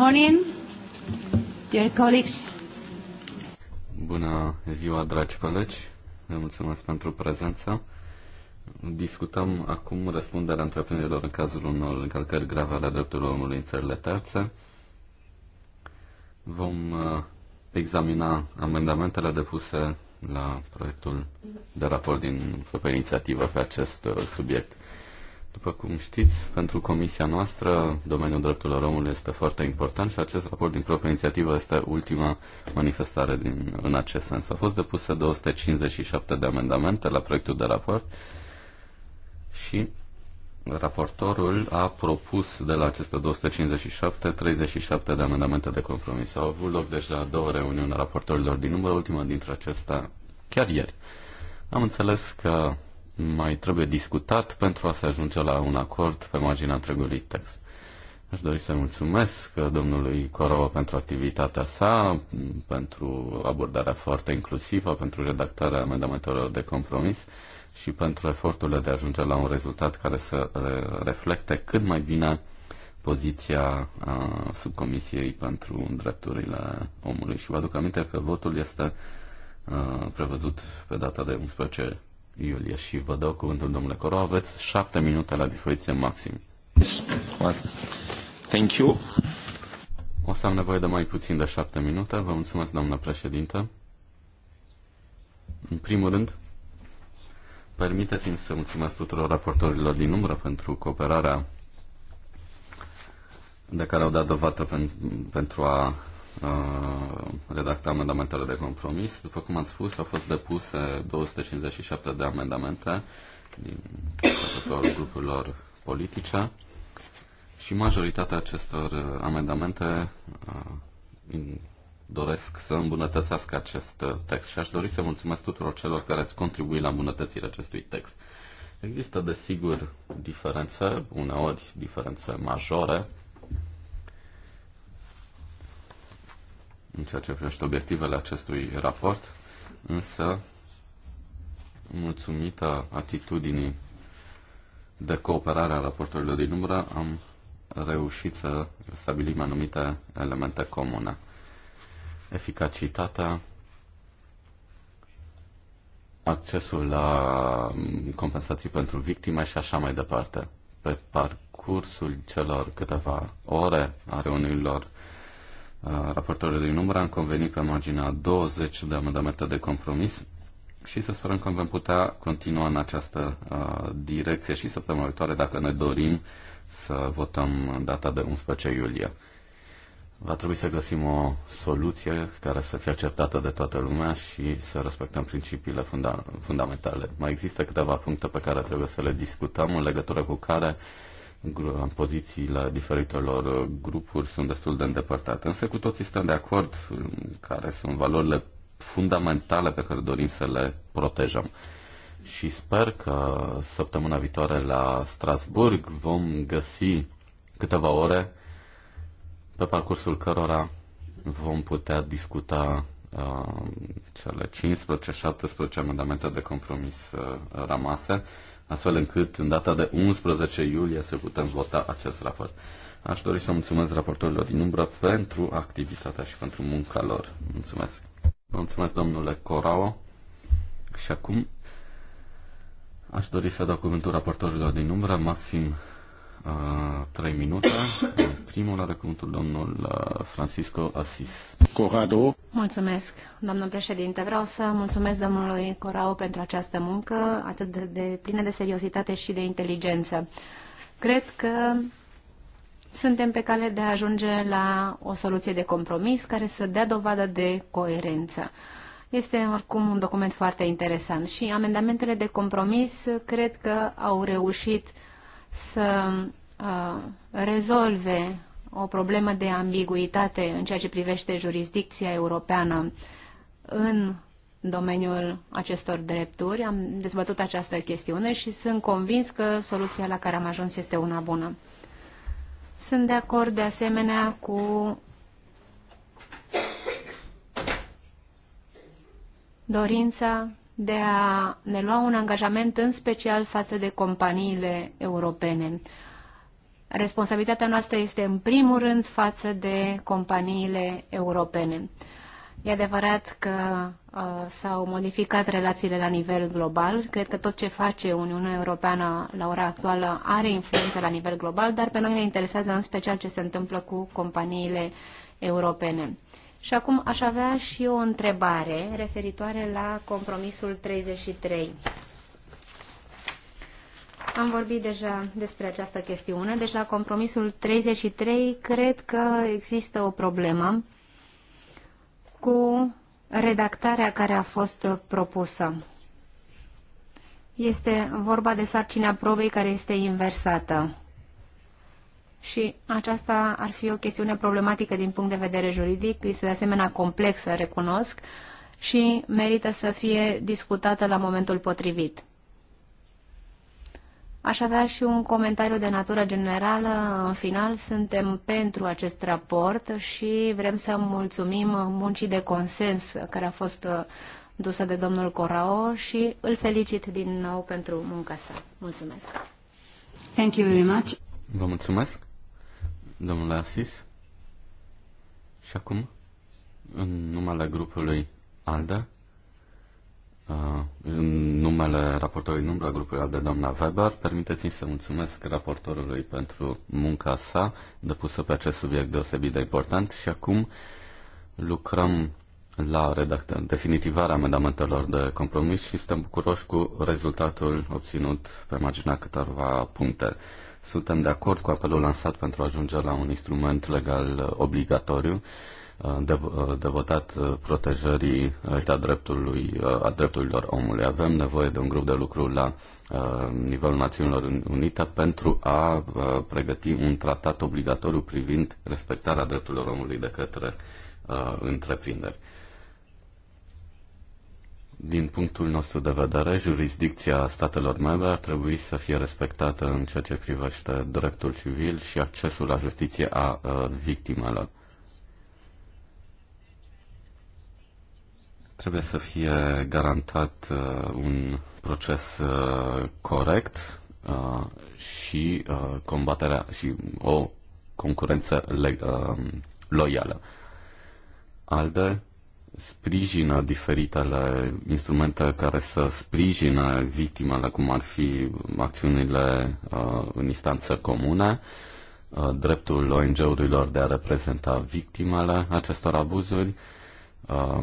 morning, dear colleagues. Bună ziua, dragi colegi. Vă mulțumesc pentru prezență. Discutăm acum răspunderea întreprinderilor în cazul unor încălcări grave ale drepturilor omului în țările terțe. Vom uh, examina amendamentele depuse la proiectul de raport din pe inițiativă pe acest uh, subiect. După cum știți, pentru comisia noastră, domeniul drepturilor omului este foarte important și acest raport din proprie inițiativă este ultima manifestare din, în acest sens. Au fost depuse 257 de amendamente la proiectul de raport și raportorul a propus de la aceste 257 37 de amendamente de compromis. Au avut loc deja două reuniuni a raportorilor din număr, ultima dintre acestea chiar ieri. Am înțeles că mai trebuie discutat pentru a se ajunge la un acord pe marginea întregului text. Aș dori să mulțumesc domnului Corova pentru activitatea sa, pentru abordarea foarte inclusivă, pentru redactarea amendamentelor de compromis și pentru eforturile de a ajunge la un rezultat care să reflecte cât mai bine poziția subcomisiei pentru drepturile omului. Și vă aduc aminte că votul este prevăzut pe data de 11 iulie. Și vă dau cuvântul, domnule Coro, aveți șapte minute la dispoziție maxim. Thank you. O să am nevoie de mai puțin de șapte minute. Vă mulțumesc, doamnă președintă. În primul rând, permiteți-mi să mulțumesc tuturor raportorilor din umbră pentru cooperarea de care au dat dovadă pentru a Uh, redacta amendamentele de compromis. După cum am spus, au fost depuse 257 de amendamente din tuturor grupurilor politice și majoritatea acestor amendamente uh, doresc să îmbunătățească acest uh, text și aș dori să mulțumesc tuturor celor care ați contribuit la îmbunătățirea acestui text. Există, desigur, diferențe, uneori diferențe majore, în ceea ce privește obiectivele acestui raport, însă, mulțumită atitudinii de cooperare a raporturilor din umbră, am reușit să stabilim anumite elemente comune. Eficacitatea, accesul la compensații pentru victime și așa mai departe. Pe parcursul celor câteva ore a reuniunilor raportorilor din număr, am convenit pe marginea 20 de amendamente de compromis și să sperăm că vom putea continua în această uh, direcție și săptămâna viitoare dacă ne dorim să votăm data de 11 iulie. Va trebui să găsim o soluție care să fie acceptată de toată lumea și să respectăm principiile funda- fundamentale. Mai există câteva puncte pe care trebuie să le discutăm în legătură cu care uh, pozițiile diferitelor grupuri sunt destul de îndepărtate. Însă cu toții suntem de acord care sunt valorile fundamentale pe care dorim să le protejăm. Și sper că săptămâna viitoare la Strasburg vom găsi câteva ore pe parcursul cărora vom putea discuta uh, cele 15-17 amendamente de compromis uh, rămase astfel încât în data de 11 iulie să putem vota acest raport. Aș dori să mulțumesc raportorilor din umbră pentru activitatea și pentru munca lor. Mulțumesc. Mulțumesc, domnule Corao. Și acum aș dori să dau cuvântul raportorilor din umbră, maxim Uh, trei minute. Primul are cuvântul domnul uh, Francisco Asis. Corrado. Mulțumesc, doamnă președinte. Vreau să mulțumesc domnului Corao pentru această muncă atât de plină de seriozitate și de inteligență. Cred că suntem pe cale de a ajunge la o soluție de compromis care să dea dovadă de coerență. Este oricum un document foarte interesant și amendamentele de compromis cred că au reușit uh, să uh, rezolve o problemă de ambiguitate în ceea ce privește jurisdicția europeană în domeniul acestor drepturi. Am dezbătut această chestiune și sunt convins că soluția la care am ajuns este una bună. Sunt de acord de asemenea cu dorința de a ne lua un angajament în special față de companiile europene. Responsabilitatea noastră este în primul rând față de companiile europene. E adevărat că uh, s-au modificat relațiile la nivel global. Cred că tot ce face Uniunea Europeană la ora actuală are influență la nivel global, dar pe noi ne interesează în special ce se întâmplă cu companiile europene. Și acum aș avea și o întrebare referitoare la compromisul 33. Am vorbit deja despre această chestiune, deci la compromisul 33 cred că există o problemă cu redactarea care a fost propusă. Este vorba de sarcina probei care este inversată. Și aceasta ar fi o chestiune problematică din punct de vedere juridic, este de asemenea complexă, recunosc, și merită să fie discutată la momentul potrivit. Aș avea și un comentariu de natură generală. În final, suntem pentru acest raport și vrem să mulțumim muncii de consens care a fost uh, dusă de domnul Corao și îl felicit din nou pentru munca sa. Mulțumesc! Thank you very much! Vă mulțumesc! domnule Asis. Și acum, în numele grupului ALDE, uh, în numele raportorului numărul al grupului Alda, doamna Weber, permiteți-mi să mulțumesc raportorului pentru munca sa depusă pe acest subiect deosebit de important și acum lucrăm la redactarea, definitivarea amendamentelor de compromis și suntem bucuroși cu rezultatul obținut pe marginea câteva puncte. Suntem de acord cu apelul lansat pentru a ajunge la un instrument legal obligatoriu de votat protejării a, dreptului, a drepturilor omului. Avem nevoie de un grup de lucru la nivelul Națiunilor Unite pentru a pregăti un tratat obligatoriu privind respectarea drepturilor omului de către întreprinderi. Din punctul nostru de vedere, jurisdicția statelor membre ar trebui să fie respectată în ceea ce privește dreptul civil și accesul la justiție a uh, victimelor. Trebuie să fie garantat uh, un proces uh, corect și combaterea și o concurență loială. ALDE sprijină diferitele instrumente care să sprijină victimele, cum ar fi acțiunile uh, în instanță comune, uh, dreptul ONG-urilor de a reprezenta victimele acestor abuzuri, uh,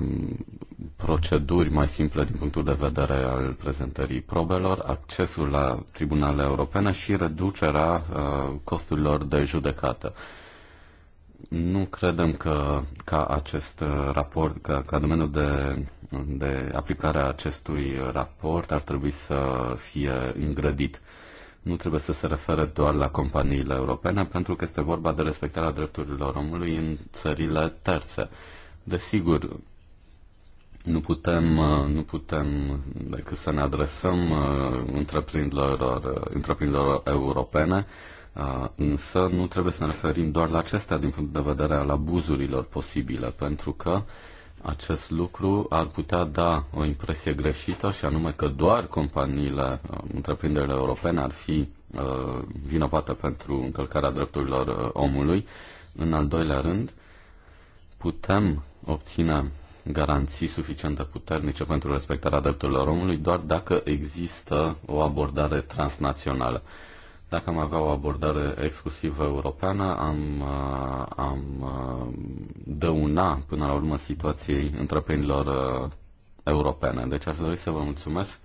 proceduri mai simple din punctul de vedere al prezentării probelor, accesul la tribunale europene și reducerea uh, costurilor de judecată. Uh, nu credem că ca acest raport, ca, ca domeniul de, de aplicare a acestui raport ar trebui să fie îngrădit. Nu trebuie să se refere doar la companiile europene, pentru că este vorba de respectarea drepturilor omului în țările terțe. Desigur, nu putem, nu putem decât să ne adresăm uh, întreprinderilor, uh, întreprinderilor europene Însă nu trebuie să ne referim doar la acestea din punct de vedere al abuzurilor posibile, pentru că acest lucru ar putea da o impresie greșită și anume că doar companiile, întreprinderile europene ar fi vinovate pentru încălcarea drepturilor omului. În al doilea rând, putem obține garanții suficiente puternice pentru respectarea drepturilor omului doar dacă există o abordare transnațională. Dacă am avea o abordare exclusivă europeană, am, uh, am uh, dăuna până la urmă situației întreprinilor uh, europene. Deci aș dori să vă mulțumesc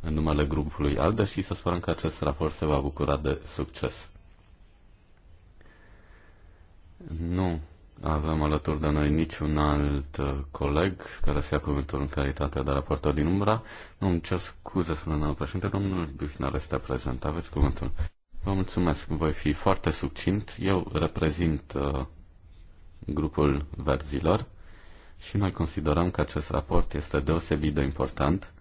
în numele grupului ALDE și să sperăm că acest raport se va bucura de succes. Nu avem alături de noi niciun alt coleg care să ia cuvântul în calitate de raportor din umbra. Nu, îmi cer scuze, spune domnul președinte, domnul Bifnar este prezent. Aveți cuvântul. Vă mulțumesc, voi fi foarte succint. Eu reprezint uh, grupul verzilor și noi considerăm că acest raport este deosebit de important,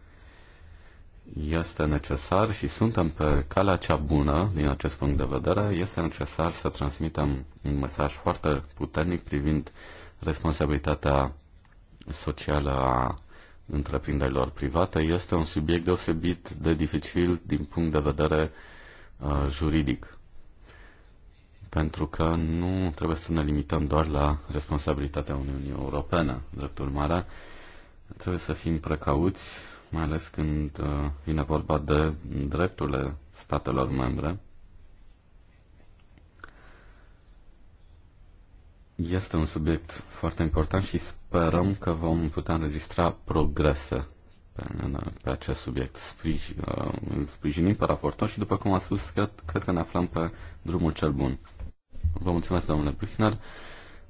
este necesar și suntem pe calea cea bună din acest punct de vedere. Este necesar să transmitem un mesaj foarte puternic privind responsabilitatea socială a întreprinderilor private. Este un subiect deosebit de dificil din punct de vedere uh, Uh, juridic. Pentru că nu trebuie să ne limităm doar la responsabilitatea Uniunii Europene, drept urmare, trebuie să fim precauți, mai ales când uh, vine vorba de drepturile statelor membre. Este un subiect foarte important și sperăm că vom putea înregistra progrese pe, pe acest subiect. Sprijin, uh, sprijinim pe raportor și, după cum a spus, cred, cred că ne aflăm pe drumul cel bun. Vă mulțumesc, domnule Buchner.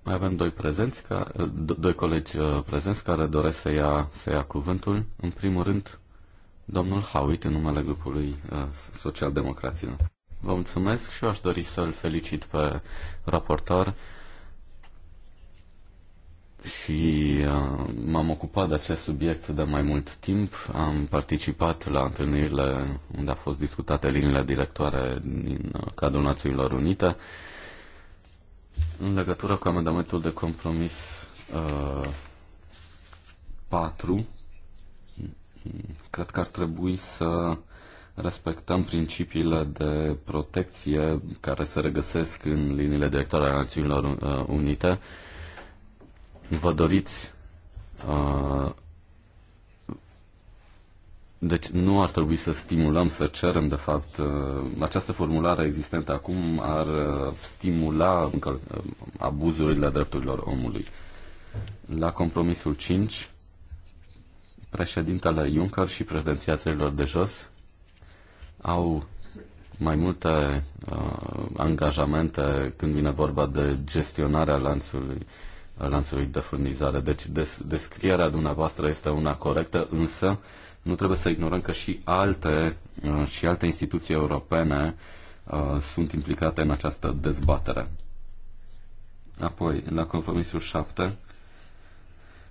Mai avem doi, prezenți ca, do, doi colegi uh, prezenți care doresc să ia, să ia cuvântul. În primul rând, domnul Hauit, în numele grupului uh, social Democrație. Vă mulțumesc și eu aș dori să-l felicit pe raportor și uh, m-am ocupat de acest subiect de mai mult timp. Am participat la întâlnirile unde a fost discutate liniile directoare din uh, cadrul Națiunilor Unite în legătură cu amendamentul de compromis uh, 4. Cred că ar trebui să respectăm principiile de protecție care se regăsesc în liniile directoare ale Națiunilor uh, Unite. Uh, vă doriți uh, deci nu ar trebui să stimulăm, să cerem, de fapt, uh, această formulare existentă acum ar uh, stimula abuzurile drepturilor omului. La compromisul 5, președintele Juncker și președinția țărilor de jos au mai multe uh, angajamente când vine vorba de gestionarea lanțului lanțului de furnizare. Deci des, descrierea dumneavoastră este una corectă, însă nu trebuie să ignorăm că și alte, uh, și alte instituții europene uh, sunt implicate în această dezbatere. Apoi, la compromisul 7,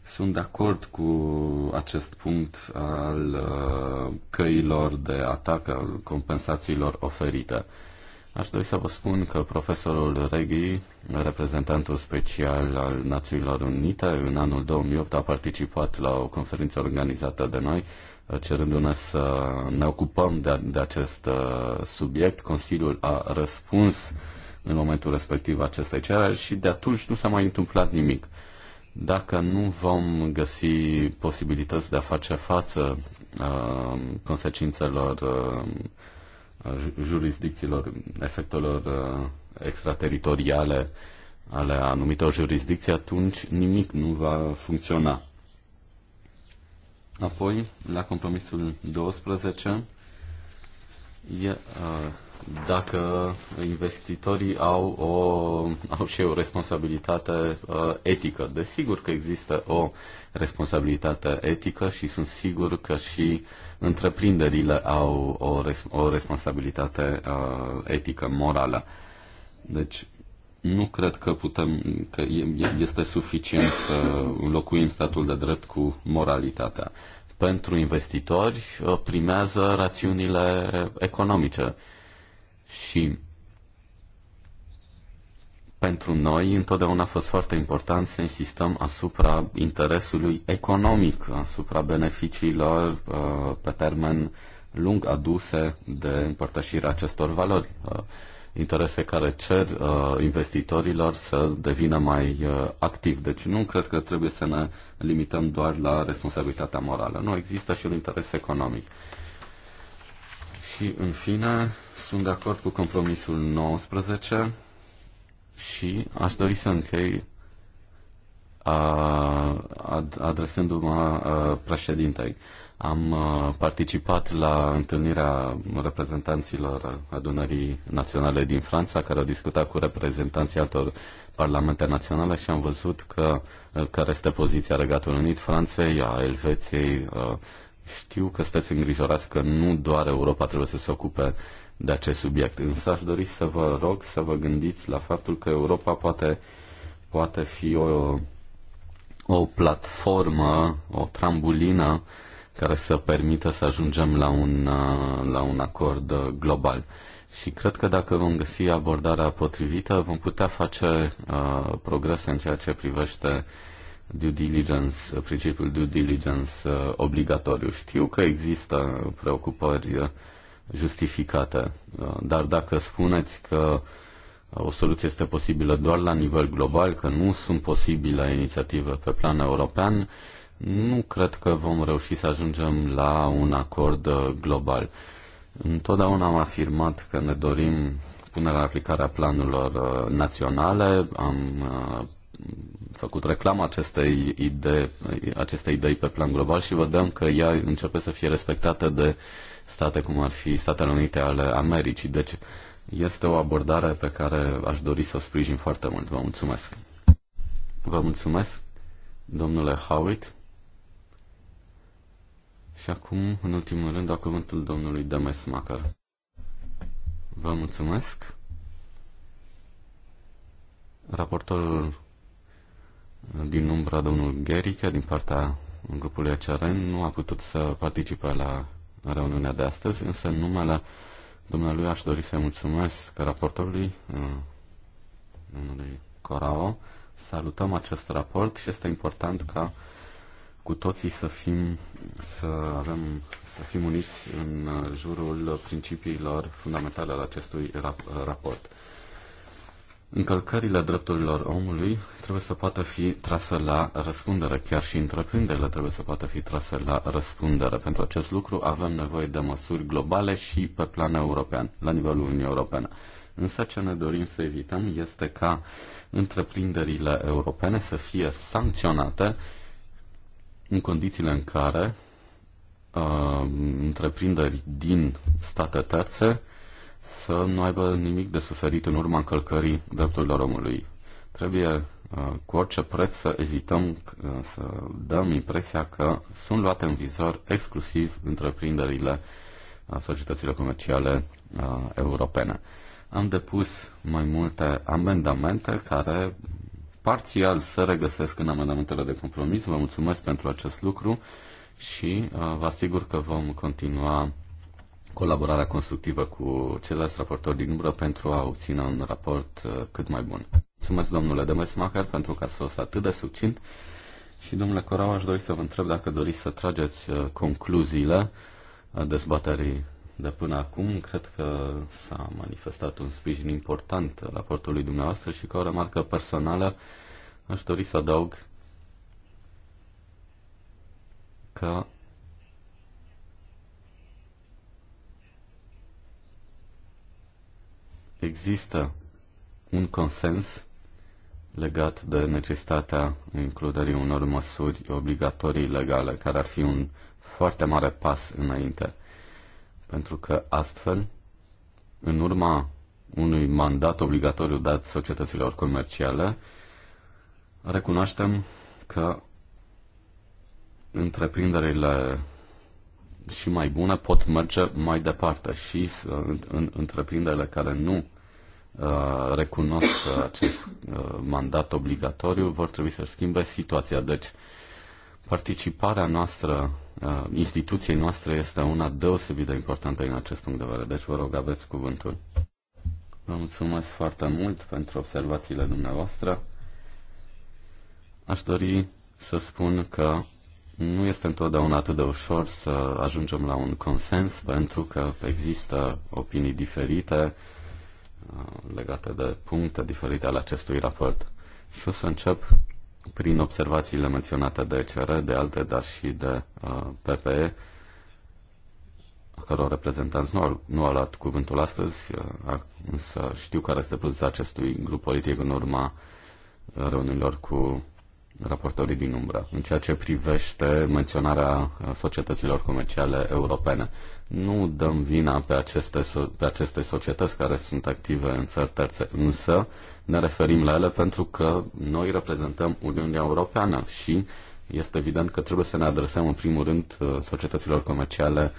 sunt de acord cu acest punct al uh, căilor de atac, al compensațiilor oferite. Aș dori să vă spun că profesorul Reghi, reprezentantul special al Națiunilor Unite, în anul 2008 a participat la o conferință organizată de noi, cerându-ne să ne ocupăm de, de acest uh, subiect. Consiliul a răspuns în momentul respectiv acestei cereri și de atunci nu s-a mai întâmplat nimic. Dacă nu vom găsi posibilități de a face față uh, consecințelor uh, jurisdicțiilor, efectelor uh, extrateritoriale ale anumitor jurisdicții, atunci nimic nu va funcționa. Apoi, la compromisul 12, e, uh, dacă investitorii au, o, au și o responsabilitate uh, etică. Desigur că există o responsabilitate etică și sunt sigur că și uh, întreprinderile au o, res- o responsabilitate uh, etică, morală. Deci, nu cred că putem, că este suficient să înlocuim statul de drept cu moralitatea. Pentru investitori uh, primează rațiunile economice și pentru noi întotdeauna a fost foarte important să insistăm asupra interesului economic, asupra beneficiilor uh, pe termen lung aduse de împărtășirea acestor valori. Uh, interese care cer uh, investitorilor să devină mai uh, activi. Deci nu cred că trebuie să ne limităm doar la responsabilitatea morală. Nu există și un interes economic. Și în fine, sunt de acord cu compromisul 19 și aș dori să închei adresându-mă președintei. Am participat la întâlnirea reprezentanților adunării naționale din Franța, care au discutat cu reprezentanții altor parlamente naționale și am văzut că care este poziția Regatului Unit, Franței, a Elveției. Știu că sunteți îngrijorați că nu doar Europa trebuie să se ocupe de acest subiect. Însă aș dori să vă rog să vă gândiți la faptul că Europa poate, poate fi o, o platformă, o trambulină care să permită să ajungem la un, la un acord global. Și cred că dacă vom găsi abordarea potrivită, vom putea face uh, progrese în ceea ce privește due diligence, principiul due diligence uh, obligatoriu. Știu că există preocupări uh, justificată. Uh, dar dacă spuneți că uh, o soluție este posibilă doar la nivel global, că nu sunt posibile inițiative pe plan european, nu cred că vom reuși să ajungem la un acord uh, global. Întotdeauna am afirmat că ne dorim punerea în aplicare a planurilor naționale, am făcut reclamă acestei idei, acestei idei pe plan global și vedem că ea începe să fie respectată de state cum ar fi Statele Unite ale Americii. Deci este o abordare pe care aș dori să o sprijin foarte mult. Vă mulțumesc. Vă mulțumesc, domnule Howitt. Și acum, în ultimul rând, a cuvântul domnului Demesmacher. Vă mulțumesc. Raportorul din umbra, domnul Gherica, din partea grupului ACRN, nu a putut să participe la reuniunea de astăzi, însă în numele dumnealui aș dori să-i mulțumesc raportorului, uh, domnului Corao. Salutăm acest raport și este important ca cu toții să fim, să avem, să fim uniți în uh, jurul principiilor fundamentale ale acestui rap- uh, raport încălcările drepturilor omului trebuie să poată fi trase la răspundere. Chiar și întreprinderile trebuie să poată fi trase la răspundere. Pentru acest lucru avem nevoie de măsuri globale și pe plan european, la nivelul Uniunii Europene. Însă ce ne dorim să evităm este ca întreprinderile europene să fie sancționate în condițiile în care uh, întreprinderi din state terțe să nu aibă nimic de suferit în urma încălcării drepturilor omului. Trebuie uh, cu orice preț să evităm uh, să dăm impresia că sunt luate în vizor exclusiv întreprinderile uh, societăților comerciale europene. Am depus mai multe amendamente care parțial se regăsesc în amendamentele de compromis. Vă mulțumesc pentru acest lucru și vă asigur că vom continua colaborarea constructivă cu ceilalți raportori din umbră pentru a obține un raport uh, cât mai bun. Mulțumesc, domnule Demesmacher, pentru că ați fost atât de succint și, domnule Corau, aș dori să vă întreb dacă doriți să trageți uh, concluziile uh, dezbaterii de până acum. Cred că s-a manifestat un sprijin important raportului dumneavoastră și, ca o remarcă personală, aș dori să adaug că există un consens legat de necesitatea includerii unor măsuri obligatorii legale, care ar fi un foarte mare pas înainte. Pentru că astfel, în urma unui mandat obligatoriu dat societăților comerciale, recunoaștem că întreprinderile și mai bune pot merge mai departe și uh, în, în întreprinderile care nu uh, recunosc acest uh, mandat obligatoriu vor trebui să schimbe situația. Deci, participarea noastră, uh, instituției noastre este una deosebit de importantă în acest punct de vedere. Deci, vă rog, aveți cuvântul. Vă mulțumesc foarte mult pentru observațiile dumneavoastră. Aș dori să spun că nu este întotdeauna atât de ușor să ajungem la un consens pentru că există opinii diferite uh, legate de puncte diferite ale acestui raport. Și o să încep prin observațiile menționate de ECR, de alte, dar și de uh, PPE, a căror reprezentanți nu au, nu au luat cuvântul astăzi, uh, însă știu care este poziția acestui grup politic în urma reuniunilor cu raportorii din umbră în ceea ce privește menționarea societăților comerciale europene. Nu dăm vina pe aceste, pe aceste societăți care sunt active în țări terțe, însă ne referim la ele pentru că noi reprezentăm Uniunea Europeană și este evident că trebuie să ne adresăm în primul rând societăților comerciale uh,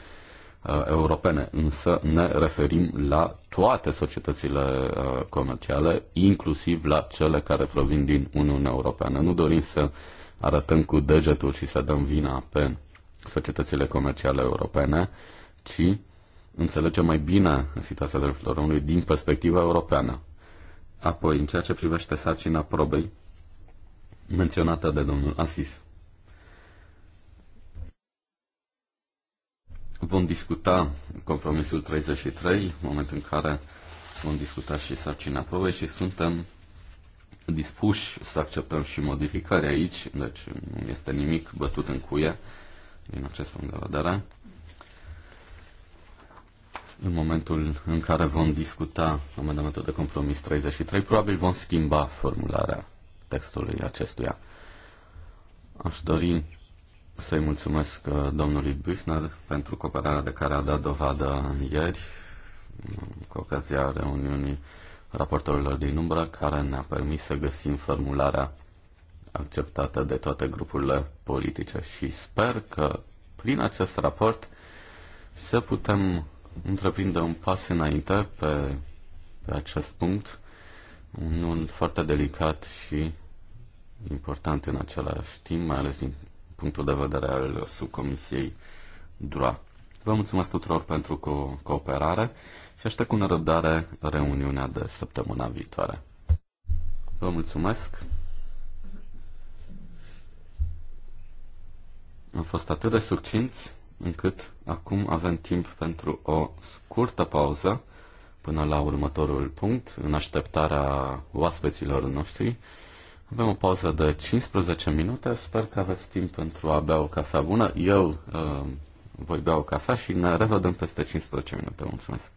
Uh, europene, însă ne referim la toate societățile uh, comerciale, inclusiv la cele care provin din Uniunea Europeană. Nu dorim să arătăm cu degetul și să dăm vina pe societățile comerciale europene, ci înțelegem mai bine situația drepturilor omului din perspectiva europeană. Apoi, în ceea ce privește sarcina probei menționată de domnul Asis. Vom discuta compromisul 33, moment în care vom discuta și sarcina probei și suntem dispuși să acceptăm și modificări aici, deci nu este nimic bătut în cuie din acest punct de vedere. În momentul în care vom discuta amendamentul de compromis 33, probabil vom schimba formularea textului acestuia. Aș dori să-i mulțumesc uh, domnului Büchner pentru cooperarea de care a dat dovadă ieri, mm, cu ocazia reuniunii raportorilor din umbră, care ne-a permis să găsim formularea acceptată de toate grupurile politice și sper că prin acest raport să putem întreprinde un pas înainte pe, pe acest punct, unul foarte delicat și important în același timp, mai ales din punctul de vedere al subcomisiei DRA. Vă mulțumesc tuturor pentru co- cooperare și aștept cu nerăbdare reuniunea de săptămâna viitoare. Vă mulțumesc! Am fost atât de succinți încât acum avem timp pentru o scurtă pauză până la următorul punct, în așteptarea oaspeților noștri. Avem o pauză de 15 minute. Sper că aveți timp pentru a bea o cafea bună. Eu uh, voi bea o cafea și ne revedem peste 15 minute. Mulțumesc!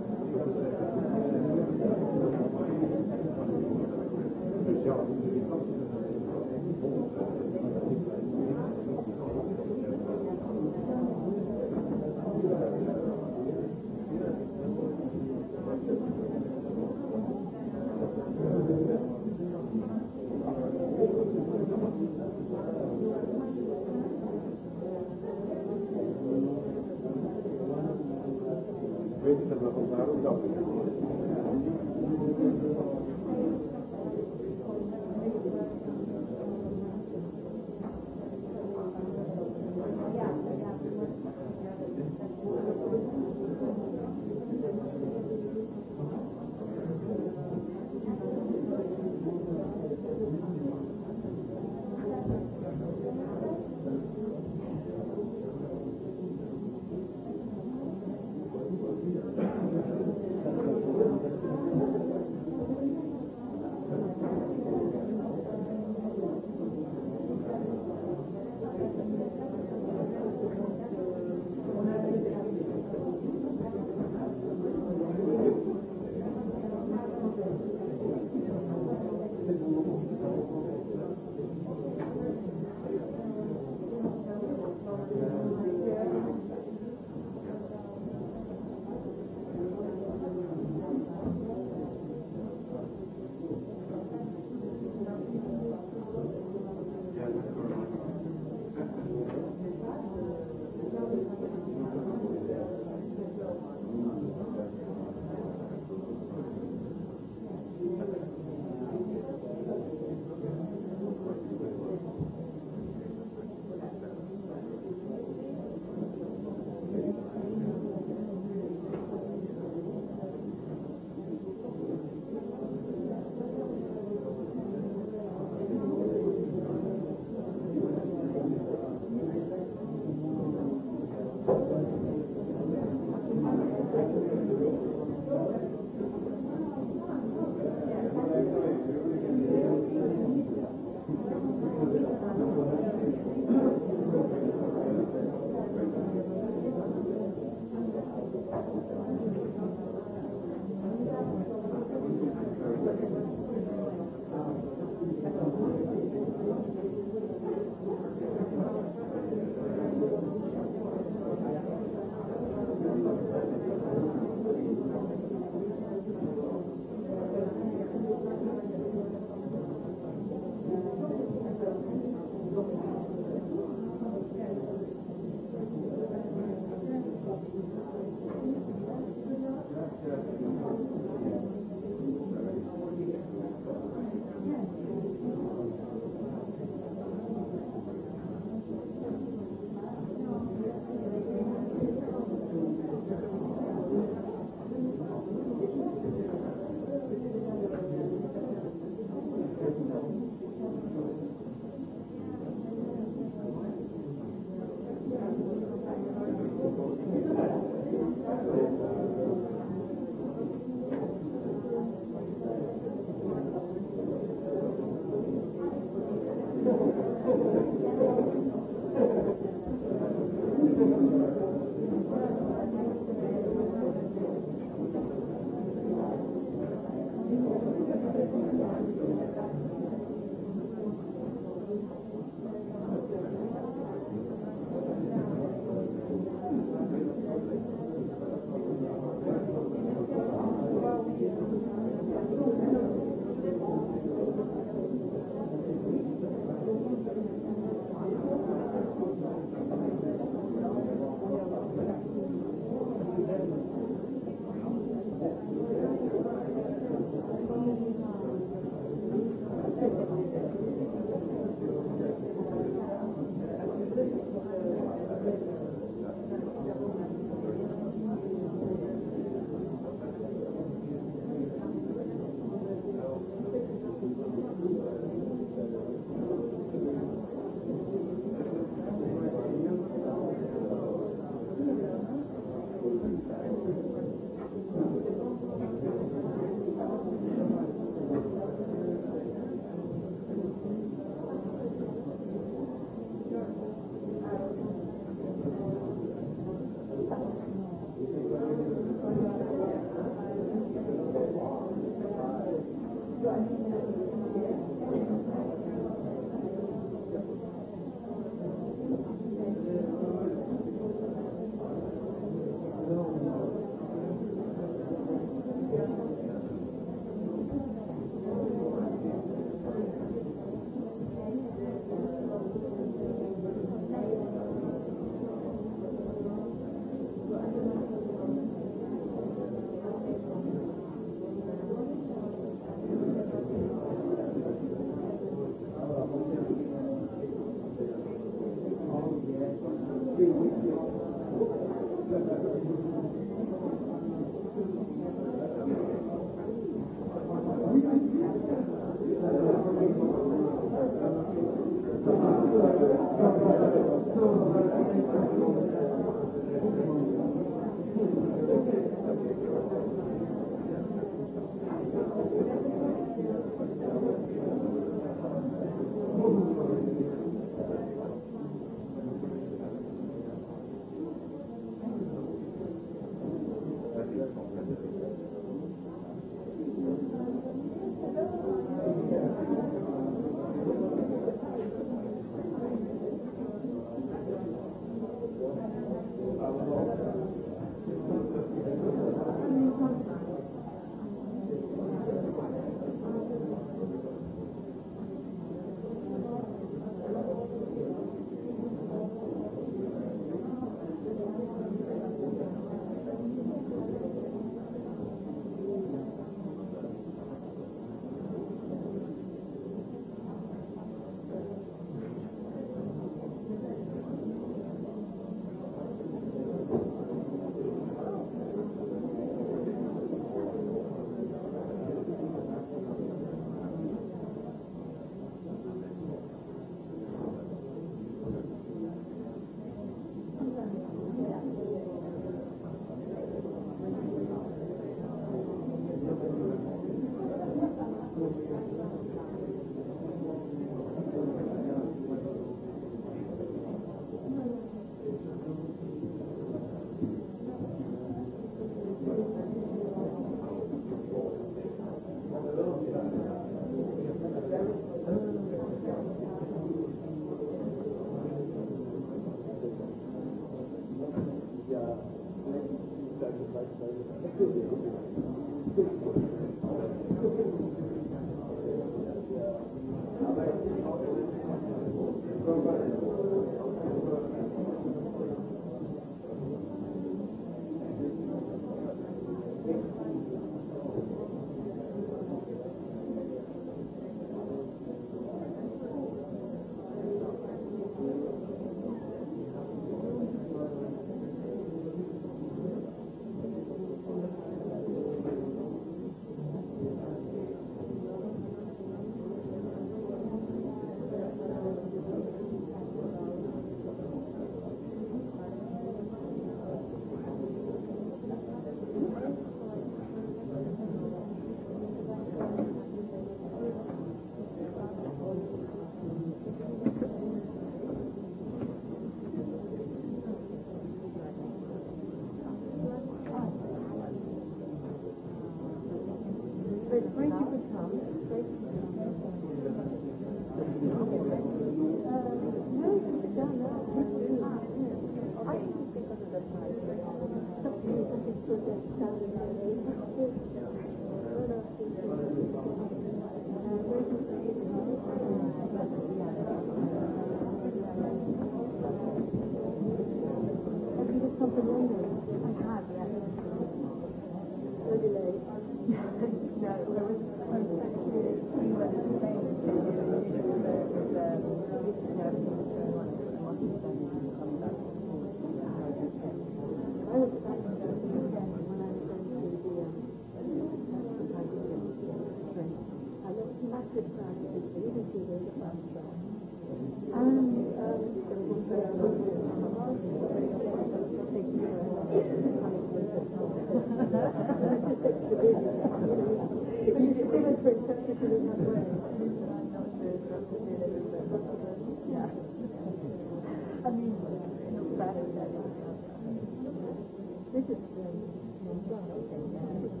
This is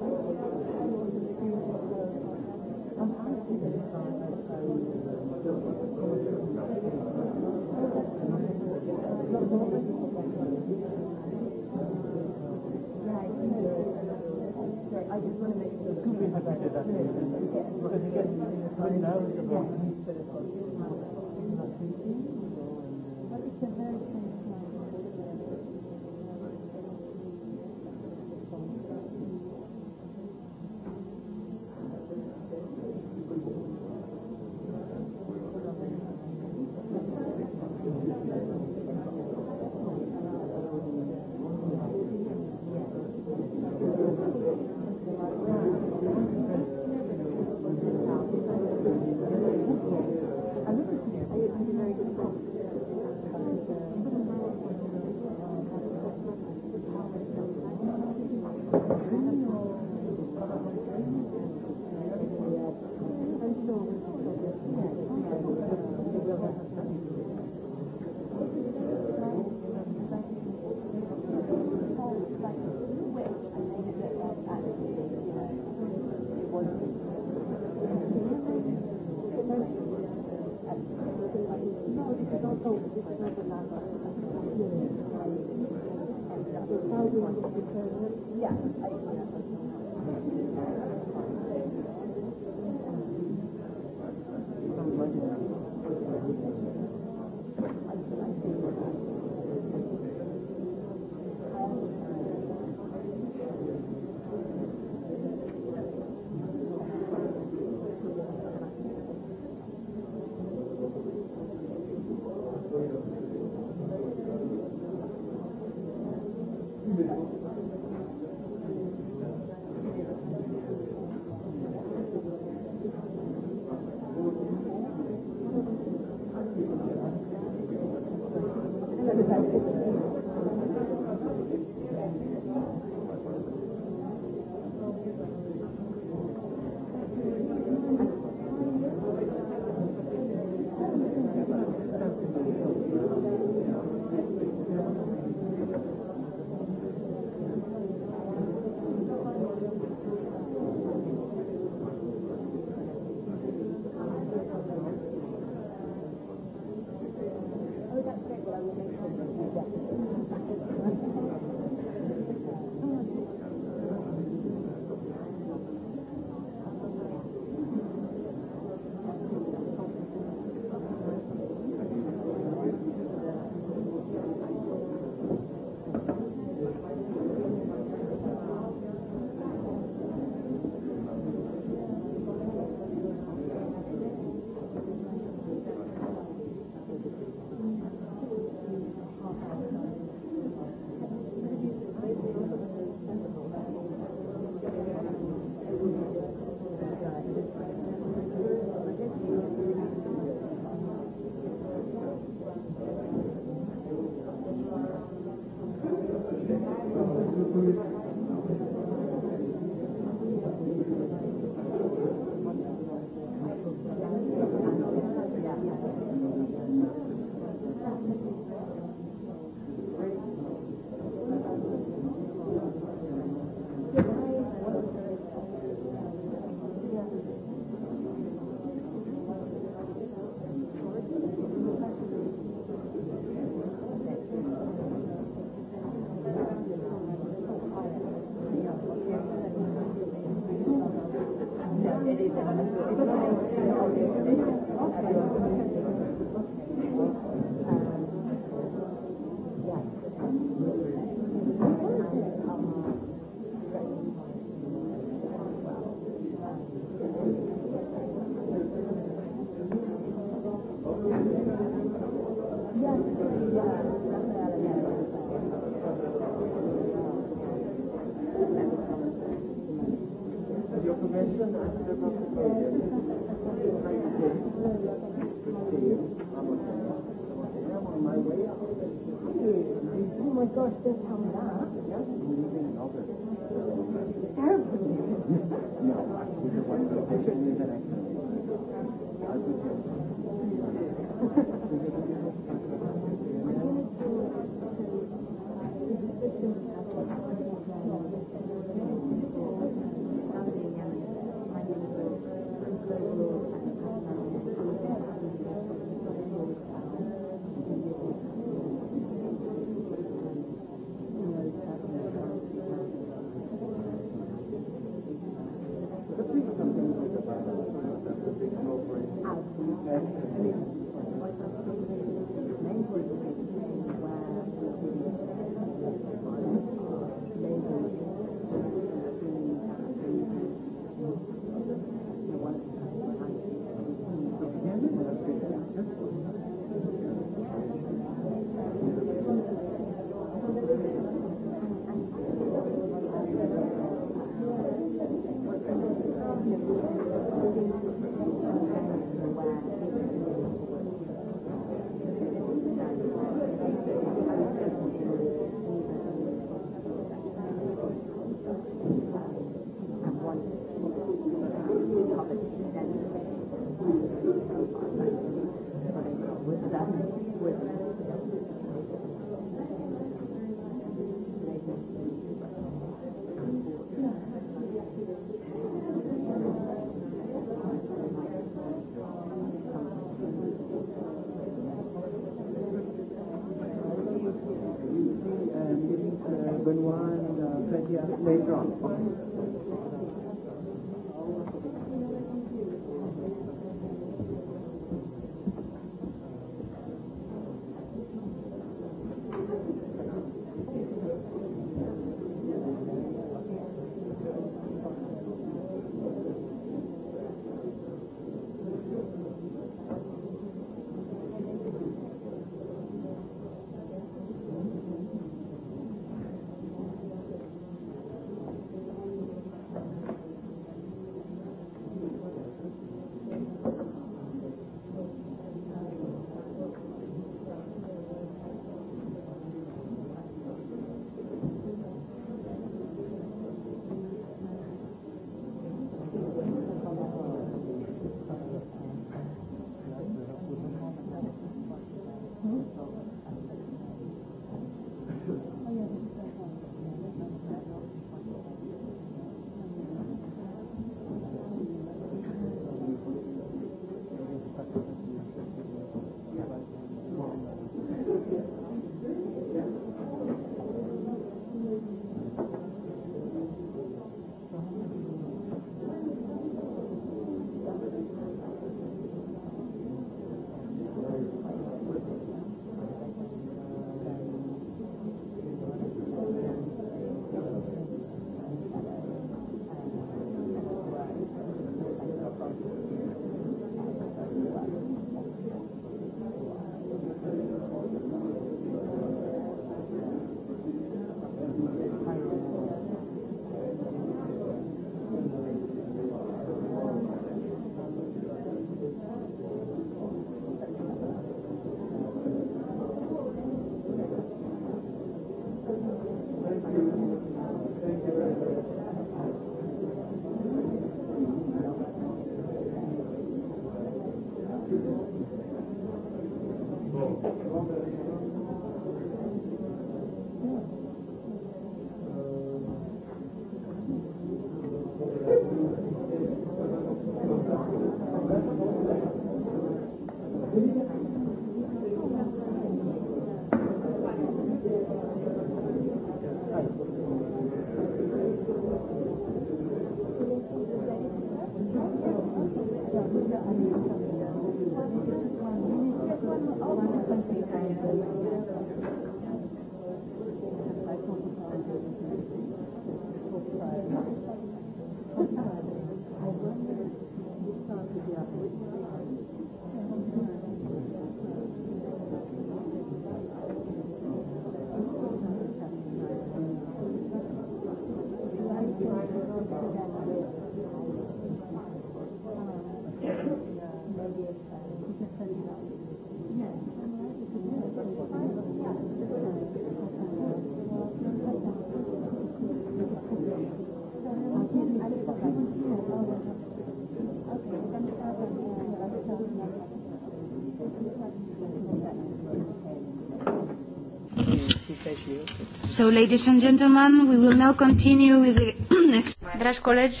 So, ladies and gentlemen, we will now continue with the next... Dragi colegi,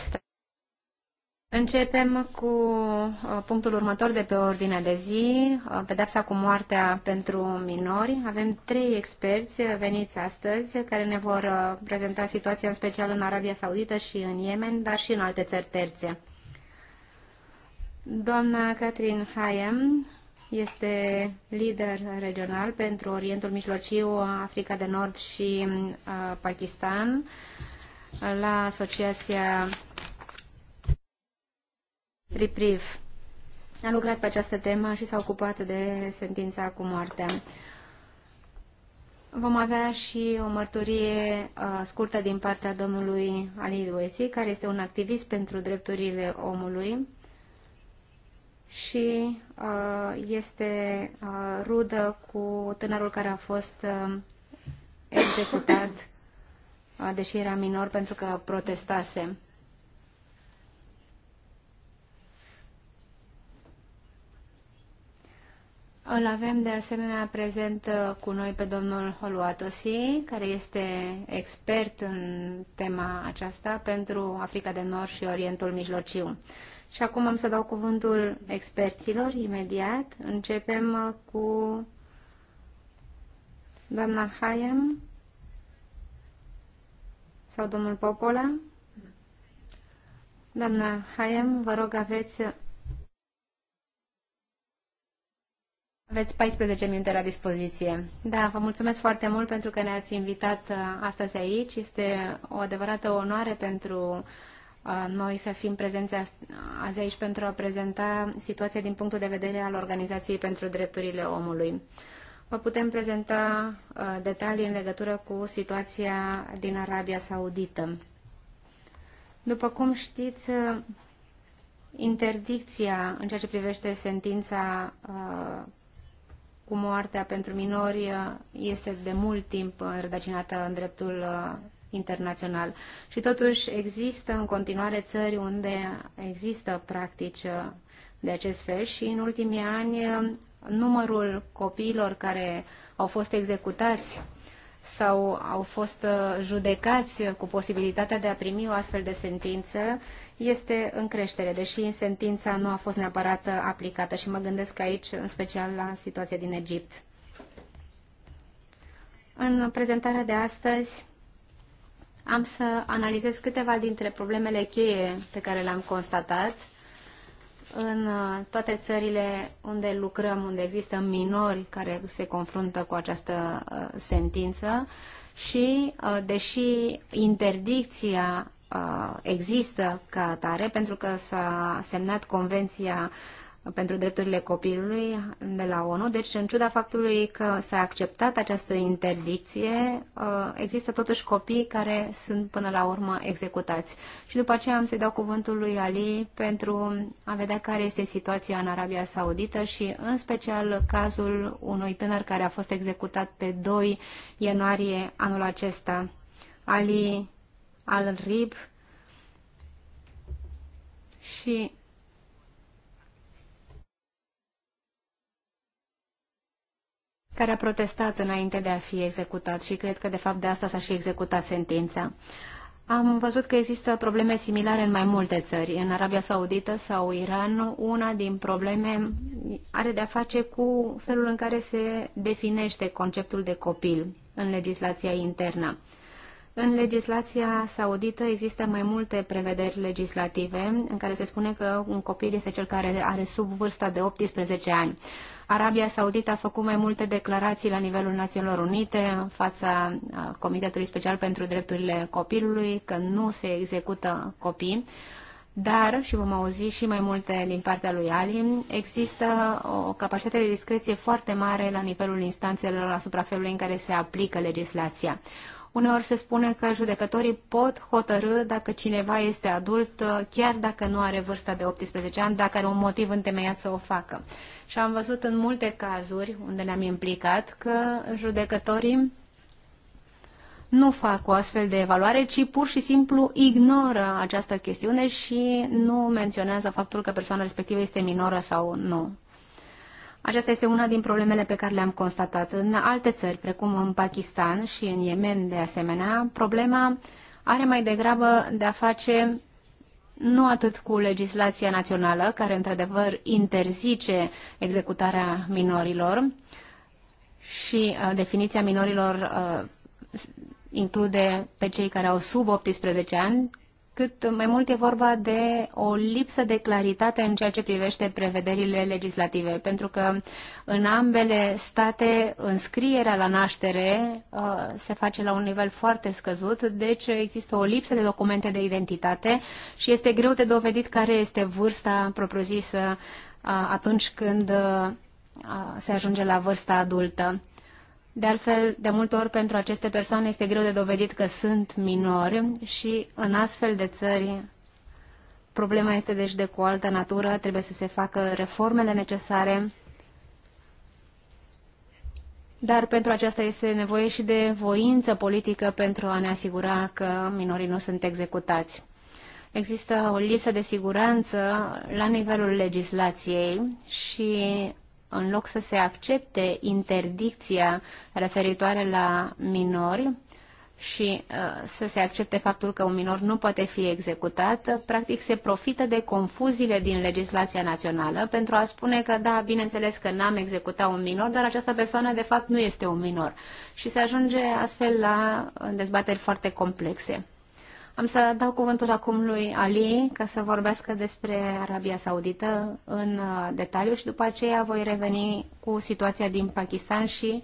începem cu uh, punctul următor de pe ordinea de zi, uh, pedepsa cu moartea pentru minori. Avem trei experți veniți astăzi care ne vor uh, prezenta situația în special în Arabia Saudită și în Yemen, dar și în alte țări terțe. Doamna Catherine Hayem, este lider regional pentru Orientul Mijlociu, Africa de Nord și uh, Pakistan la Asociația Reprieve. A lucrat pe această temă și s-a ocupat de sentința cu moartea. Vom avea și o mărturie uh, scurtă din partea domnului Ali Duesi, care este un activist pentru drepturile omului și uh, este uh, rudă cu tânărul care a fost uh, executat, deși era minor, pentru că protestase. Îl avem de asemenea prezent cu noi pe domnul Holuatosi, care este expert în tema aceasta pentru Africa de Nord și Orientul Mijlociu. Și acum am să dau cuvântul experților imediat. Începem uh, cu doamna Hayem sau domnul Popola. Doamna Hayem, vă rog, aveți, aveți 14 minute la dispoziție. Da, vă mulțumesc foarte mult pentru că ne-ați invitat uh, astăzi aici. Este o adevărată onoare pentru noi să fim prezenți azi aici pentru a prezenta situația din punctul de vedere al Organizației pentru Drepturile Omului. Vă putem prezenta detalii în legătură cu situația din Arabia Saudită. După cum știți, interdicția în ceea ce privește sentința cu moartea pentru minori este de mult timp rădăcinată în dreptul internațional. Și totuși există în continuare țări unde există practici uh, de acest fel și în ultimii ani uh, numărul copiilor care au fost executați sau au fost uh, judecați cu posibilitatea de a primi o astfel de sentință este în creștere, deși sentința nu a fost neapărat aplicată și mă gândesc aici în special la situația din Egipt. În prezentarea de astăzi am să analizez câteva dintre problemele cheie pe care le-am constatat în uh, toate țările unde lucrăm, unde există minori care se confruntă cu această uh, sentință și, uh, deși interdicția există ca atare, pentru că s-a semnat Convenția pentru drepturile copilului de la ONU. Deci, în ciuda faptului că s-a acceptat această interdicție, uh, există totuși copii care sunt până la urmă executați. Și după aceea am să-i dau cuvântul lui Ali pentru a vedea care este situația în Arabia Saudită și în special cazul unui tânăr care a fost executat pe 2 ianuarie anul acesta. Ali Al-Rib și care a protestat înainte de a fi executat și cred că de fapt de asta s-a și executat sentința. Am văzut că există probleme similare în mai multe țări. În Arabia Saudită sau Iran, una din probleme are de-a face cu felul în care se definește conceptul de copil în legislația internă. În legislația saudită există mai multe prevederi legislative în care se spune că un copil este cel care are sub vârsta de 18 ani. Arabia Saudită a făcut mai multe declarații la nivelul Națiunilor Unite în fața uh, Comitetului Special pentru Drepturile Copilului că nu se execută copii, dar, și vom auzi și mai multe din partea lui Ali, există o capacitate de discreție foarte mare la nivelul instanțelor asupra felului în care se aplică legislația. Uneori se spune că judecătorii pot hotărâ dacă cineva este adult, uh, chiar dacă nu are vârsta de 18 ani, dacă are un motiv întemeiat să o facă. Și am văzut în multe cazuri unde ne-am implicat că judecătorii nu fac o astfel de evaluare, ci pur și simplu ignoră această chestiune și nu menționează faptul că persoana respectivă este minoră sau nu. Aceasta este una din problemele pe care le-am constatat în alte țări, precum în Pakistan și în Yemen de asemenea. Problema are mai degrabă de a face nu atât cu legislația națională, care într-adevăr interzice executarea minorilor și uh, definiția minorilor uh, include pe cei care au sub 18 ani, cât mai mult e vorba de o lipsă de claritate în ceea ce privește prevederile legislative, pentru că în ambele state înscrierea la naștere uh, se face la un nivel foarte scăzut, deci există o lipsă de documente de identitate și este greu de dovedit care este vârsta propriu-zisă uh, atunci când uh, se ajunge la vârsta adultă. De altfel, de multe ori pentru aceste persoane este greu de dovedit că sunt minori și în astfel de țări problema este deci de cu altă natură, trebuie să se facă reformele necesare, dar pentru aceasta este nevoie și de voință politică pentru a ne asigura că minorii nu sunt executați. Există o lipsă de siguranță la nivelul legislației și în loc să se accepte interdicția referitoare la minori și uh, să se accepte faptul că un minor nu poate fi executat, practic se profită de confuziile din legislația națională pentru a spune că da, bineînțeles că n-am executat un minor, dar această persoană de fapt nu este un minor. Și se ajunge astfel la uh, dezbateri foarte complexe. Am să dau cuvântul acum lui Ali ca să vorbească despre Arabia Saudită în uh, detaliu și după aceea voi reveni cu situația din Pakistan și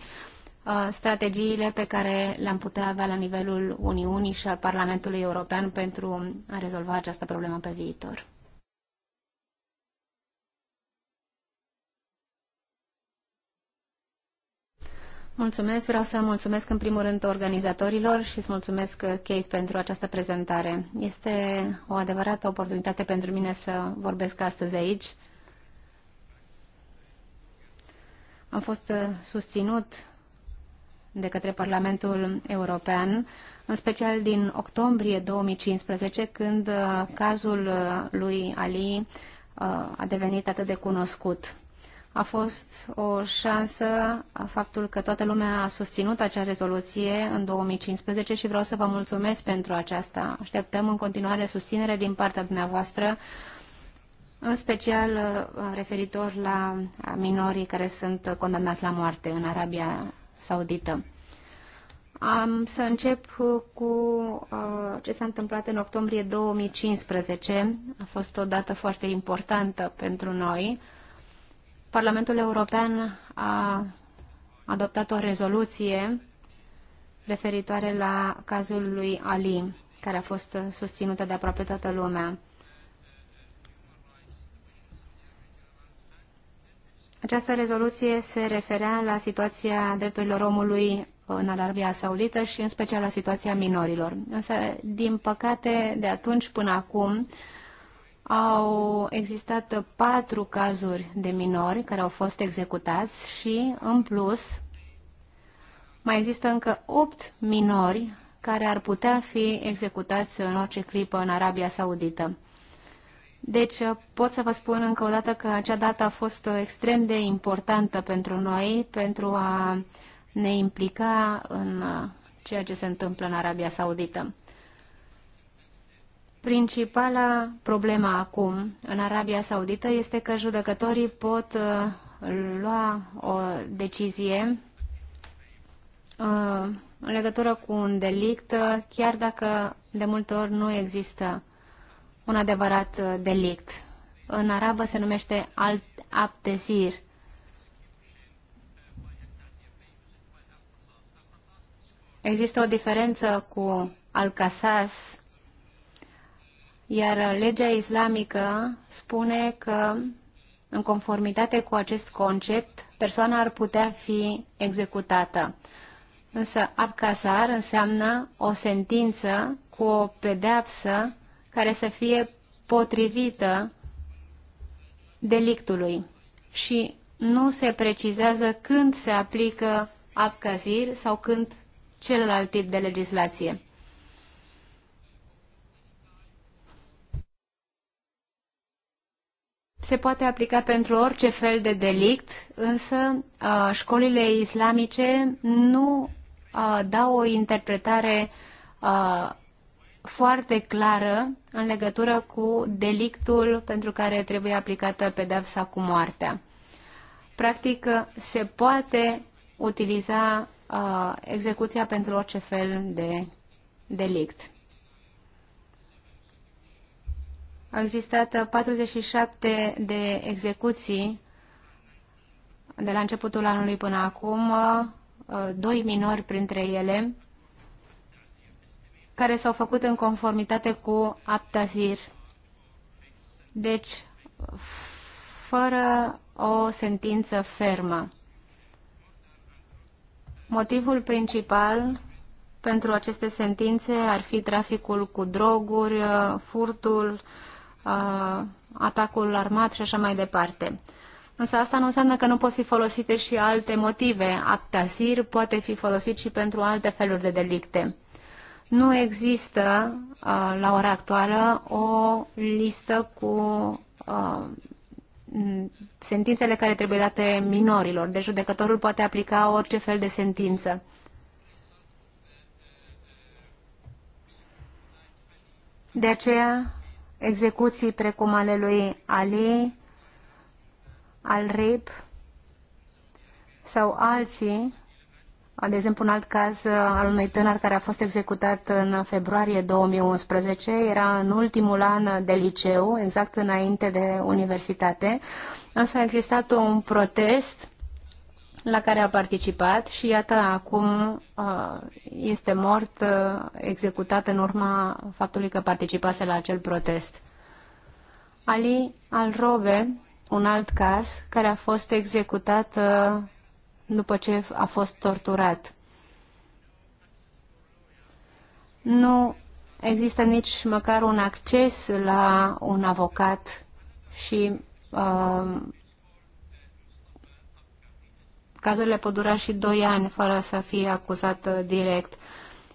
uh, strategiile pe care le-am putea avea la nivelul Uniunii și al Parlamentului European pentru a rezolva această problemă pe viitor. Mulțumesc, vreau să mulțumesc în primul rând organizatorilor și îți mulțumesc, uh, Kate, pentru această prezentare. Este o adevărată oportunitate pentru mine să vorbesc astăzi aici. Am fost uh, susținut de către Parlamentul European, în special din octombrie 2015, când uh, cazul lui Ali a devenit atât de cunoscut. A fost o șansă faptul că toată lumea a susținut acea rezoluție în 2015 și vreau să vă mulțumesc pentru aceasta. Așteptăm în continuare susținere din partea dumneavoastră, în special uh, referitor la minorii care sunt condamnați la moarte în Arabia Saudită. Am să încep cu uh, ce s-a întâmplat în octombrie 2015. A fost o dată foarte importantă pentru noi. Uh, Parlamentul European a adoptat o rezoluție referitoare la cazul lui Ali, care a fost susținută de aproape toată lumea. Această rezoluție se referea la situația drepturilor omului în Arabia Saudită și în special la situația minorilor. Însă, din păcate, de atunci până acum, uh, au existat patru cazuri de minori care au fost executați și, în plus, mai există încă opt minori care ar putea fi executați în orice clipă în Arabia Saudită. Deci pot să vă spun încă o dată că acea dată a fost extrem de importantă pentru noi, pentru a ne implica în uh, ceea ce se întâmplă în Arabia Saudită. Principala problemă acum în Arabia Saudită este că judecătorii pot uh, lua o decizie uh, în legătură cu un delict, uh, chiar dacă de multe ori nu există un adevărat delict. În arabă se numește alt aptezir. Există o diferență cu al-Qasas, iar legea islamică spune că, în conformitate cu acest concept, persoana ar putea fi executată. Însă abcasar înseamnă o sentință cu o pedeapsă care să fie potrivită delictului și nu se precizează când se aplică abcazir sau când celălalt tip de legislație. se poate aplica pentru orice fel de delict, însă școlile islamice nu dau o interpretare foarte clară în legătură cu delictul pentru care trebuie aplicată pedepsa cu moartea. Practic, se poate utiliza execuția pentru orice fel de delict. Au existat 47 de execuții de la începutul anului până acum, uh, doi minori printre ele, care s-au făcut în conformitate cu Aptazir. Deci, fără o sentință fermă. Motivul principal pentru aceste sentințe ar fi traficul cu droguri, uh, furtul, atacul armat și așa mai departe. Însă asta nu înseamnă că nu pot fi folosite și alte motive. Aptasir poate fi folosit și pentru alte feluri de delicte. Nu există la ora actuală o listă cu sentințele care trebuie date minorilor. Deci judecătorul poate aplica orice fel de sentință. De aceea execuții precum ale lui Ali, al RIP sau alții, de exemplu un alt caz al unui tânăr care a fost executat în februarie 2011, era în ultimul an de liceu, exact înainte de universitate, însă a existat un protest la care a participat și iată acum uh, este mort, uh, executat în urma faptului că participase la acel protest. Ali al un alt caz, care a fost executat uh, după ce a fost torturat. Nu există nici măcar un acces la un avocat și uh, cazurile pot dura și 2 ani fără să fie acuzat uh, direct.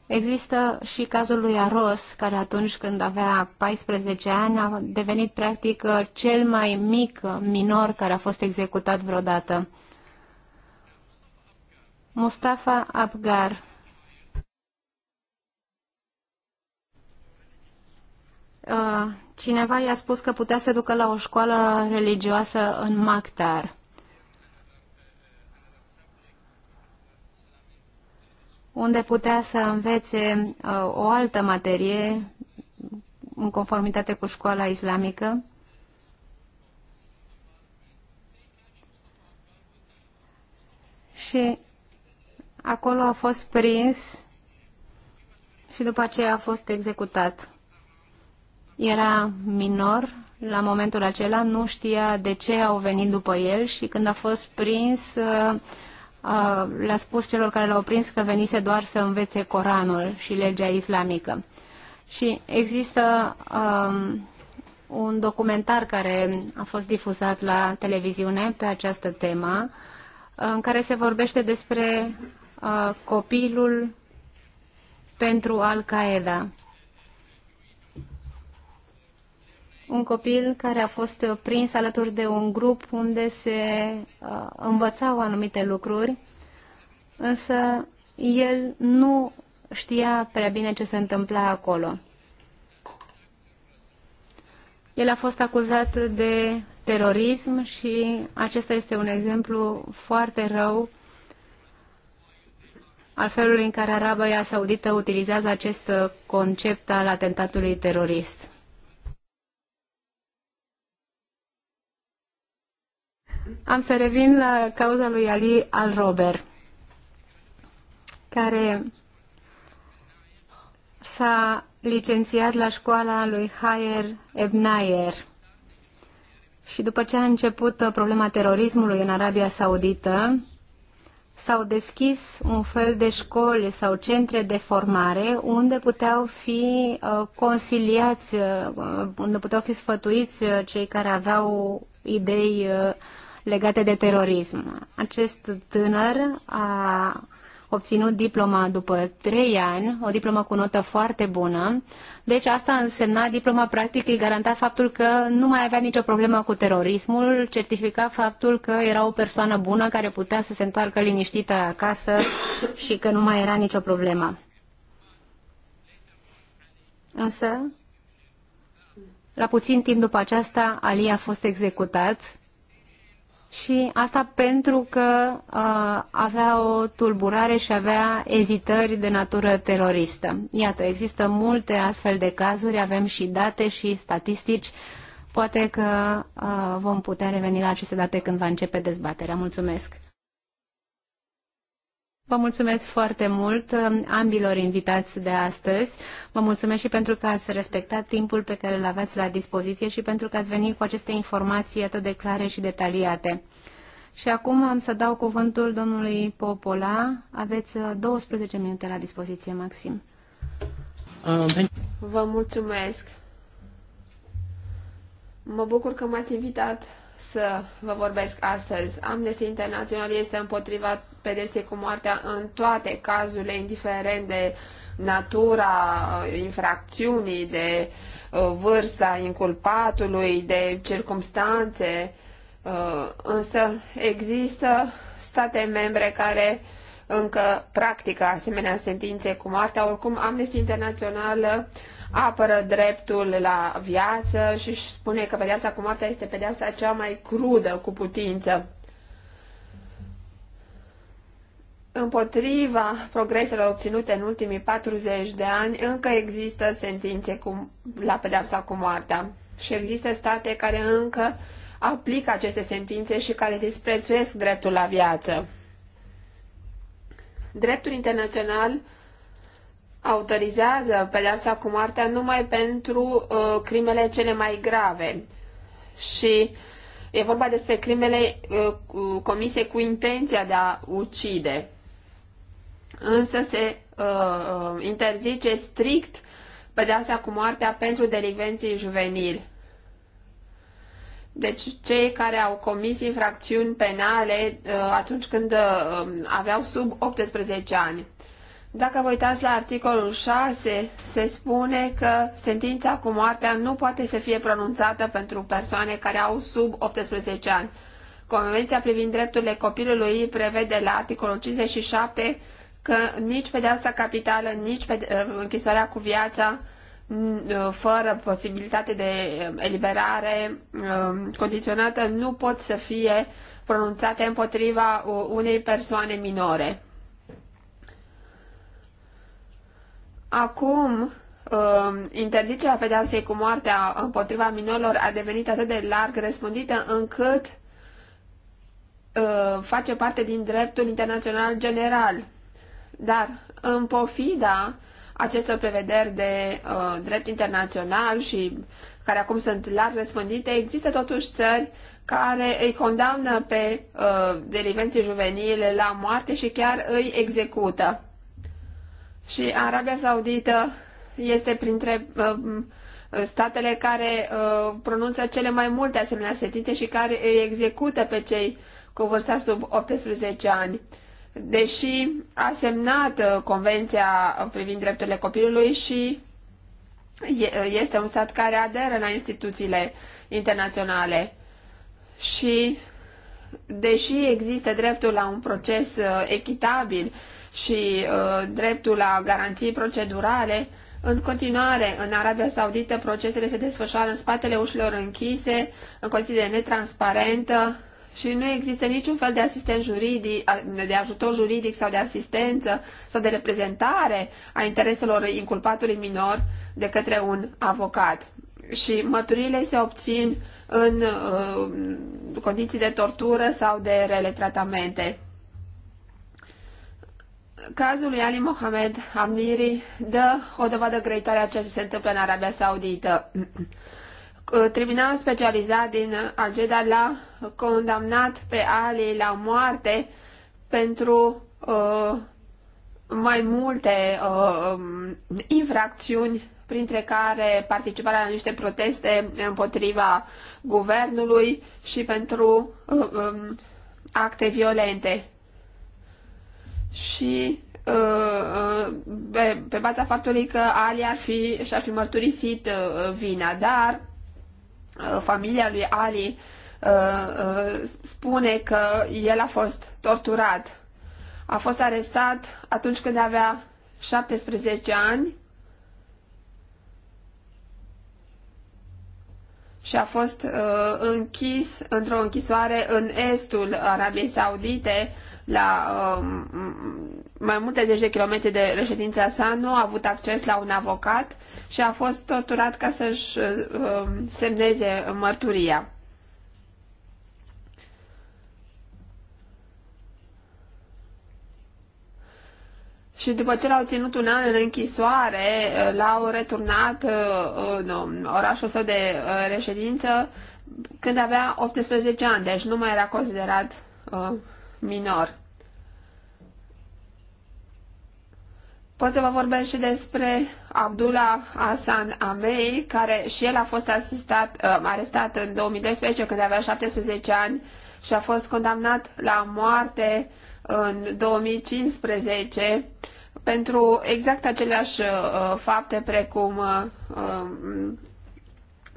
Există și cazul lui Aros, care atunci când avea 14 ani a devenit practic uh, cel mai mic minor care a fost executat vreodată. Mustafa Abgar uh, Cineva i-a spus că putea să ducă la o școală religioasă în Maktar. unde putea să învețe uh, o altă materie în conformitate cu școala islamică. Și acolo a fost prins și după aceea a fost executat. Era minor la momentul acela, nu știa de ce au venit după el și când a fost prins uh, le-a spus celor care l-au prins că venise doar să învețe Coranul și legea islamică. Și există um, un documentar care a fost difuzat la televiziune pe această temă, în care se vorbește despre uh, copilul pentru Al-Qaeda. un copil care a fost prins alături de un grup unde se uh, învățau anumite lucruri, însă el nu știa prea bine ce se întâmpla acolo. El a fost acuzat de terorism și acesta este un exemplu foarte rău al felului în care Arabia Saudită utilizează acest concept al atentatului terorist. Am să revin la cauza lui Ali al Robert, care s-a licențiat la școala lui Hayer Ebnayer. Și după ce a început problema terorismului în Arabia Saudită, s-au deschis un fel de școli sau centre de formare unde puteau fi uh, consiliați, uh, unde puteau fi sfătuiți uh, cei care aveau idei legate de terorism. Acest tânăr a obținut diploma după trei ani, o diplomă cu notă foarte bună. Deci asta însemna, diploma practic îi garanta faptul că nu mai avea nicio problemă cu terorismul, certifica faptul că era o persoană bună care putea să se întoarcă liniștită acasă și că nu mai era nicio problemă. Însă, la puțin timp după aceasta, Ali a fost executat și asta pentru că uh, avea o tulburare și avea ezitări de natură teroristă. Iată, există multe astfel de cazuri, avem și date și statistici. Poate că uh, vom putea reveni la aceste date când va începe dezbaterea. Mulțumesc! Vă mulțumesc foarte mult um, ambilor invitați de astăzi. Vă mulțumesc și pentru că ați respectat timpul pe care îl aveați la dispoziție și pentru că ați venit cu aceste informații atât de clare și detaliate. Și acum am să dau cuvântul domnului Popola. Aveți 12 uh, minute la dispoziție, Maxim. Um, vă mulțumesc. Mă bucur că m-ați invitat să vă vorbesc astăzi. Amnesty International este împotriva pedepse cu moartea în toate cazurile, indiferent de natura uh, infracțiunii, de uh, vârsta inculpatului, de circumstanțe, uh, însă există state membre care încă practică asemenea sentințe cu moartea. Oricum, Amnesty Internațională apără dreptul la viață și spune că pedeapsa cu moartea este pedeapsa cea mai crudă cu putință. împotriva progreselor obținute în ultimii 40 de ani, încă există sentințe cu, la pedeapsa cu moartea și există state care încă aplică aceste sentințe și care disprețuiesc dreptul la viață. Dreptul internațional autorizează pedepsa cu moartea numai pentru uh, crimele cele mai grave și e vorba despre crimele uh, comise cu intenția de a ucide însă se uh, uh, interzice strict pedeapsa cu moartea pentru delinvenții juvenili. Deci cei care au comis infracțiuni penale uh, atunci când uh, um, aveau sub 18 ani. Dacă vă uitați la articolul 6, se spune că sentința cu moartea nu poate să fie pronunțată pentru persoane care au sub 18 ani. Convenția privind drepturile copilului prevede la articolul 57 că nici pedeapsa capitală, nici pe, uh, închisoarea cu viața, uh, fără posibilitate de eliberare um, condiționată, nu pot să fie pronunțate împotriva uh, unei persoane minore. Acum, um, interzicerea pedeapsei cu moartea împotriva minorilor a devenit atât de larg răspândită încât face parte din dreptul internațional general. Dar, în pofida acestor prevederi de uh, drept internațional și care acum sunt larg răspândite, există totuși țări care îi condamnă pe uh, delivenții juvenile la moarte și chiar îi execută. Și Arabia Saudită este printre uh, statele care uh, pronunță cele mai multe asemenea sentințe și care îi execută pe cei cu vârsta sub 18 ani deși a semnat uh, Convenția privind drepturile copilului și uh, este un stat care aderă la instituțiile internaționale și deși există dreptul la un proces uh, echitabil și dreptul la garanții procedurale, în continuare, în Arabia Saudită, procesele se desfășoară în spatele ușilor închise, în condiții de netransparentă și nu există niciun fel de asistent juridic, de ajutor juridic sau de asistență sau de reprezentare a intereselor inculpatului minor de către un avocat. Și mărturile se obțin în uh, condiții de tortură sau de rele tratamente. Cazul lui Ali Mohamed Amniri dă o dovadă greitoare a ceea ce se întâmplă în Arabia Saudită. Tribunalul specializat din Algeda l-a condamnat pe Ali la moarte pentru uh, mai multe uh, infracțiuni, printre care participarea la niște proteste împotriva guvernului și pentru uh, um, acte violente. Și pe, pe baza faptului că Ali ar fi, și-ar fi mărturisit vina, dar familia lui Ali Uh, uh, spune că el a fost torturat. A fost arestat atunci când avea 17 ani și a fost uh, închis într-o închisoare în estul Arabiei Saudite, la uh, mai multe zeci de kilometri de reședința sa, nu a avut acces la un avocat și a fost torturat ca să-și uh, um, semneze mărturia. și după ce l-au ținut un an în închisoare, uh, l-au returnat uh, în um, orașul său de uh, reședință când avea 18 ani, deci nu mai era considerat minor. Pot să vă vorbesc și despre Abdullah Hassan Amei, care și el a fost asistat, arestat în 2012 când avea 17 ani și a fost condamnat la moarte în 2015 pentru exact aceleași uh, fapte precum uh, um,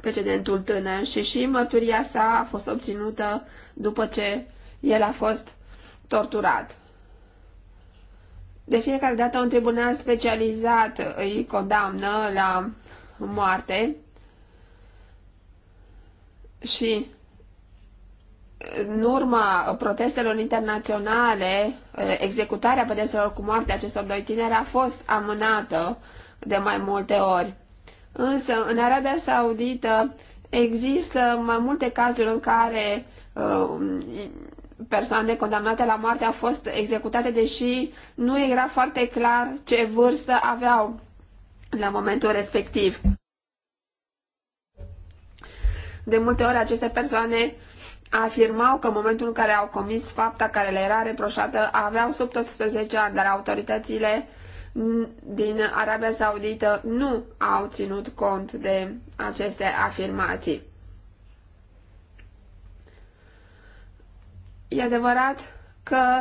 precedentul tânăr și și mărturia sa a fost obținută după ce el a fost torturat. De fiecare dată un tribunal specializat îi condamnă la moarte și în urma protestelor internaționale, eh, executarea pedepselor cu moarte acestor doi tineri a fost amânată de mai multe ori. Însă, în Arabia Saudită există mai multe cazuri în care eh, persoane condamnate la moarte au fost executate, deși nu era foarte clar ce vârstă aveau la momentul respectiv. De multe ori aceste persoane afirmau că în momentul în care au comis fapta care le era reproșată, aveau sub 18 ani, dar autoritățile din Arabia Saudită nu au ținut cont de aceste afirmații. E adevărat că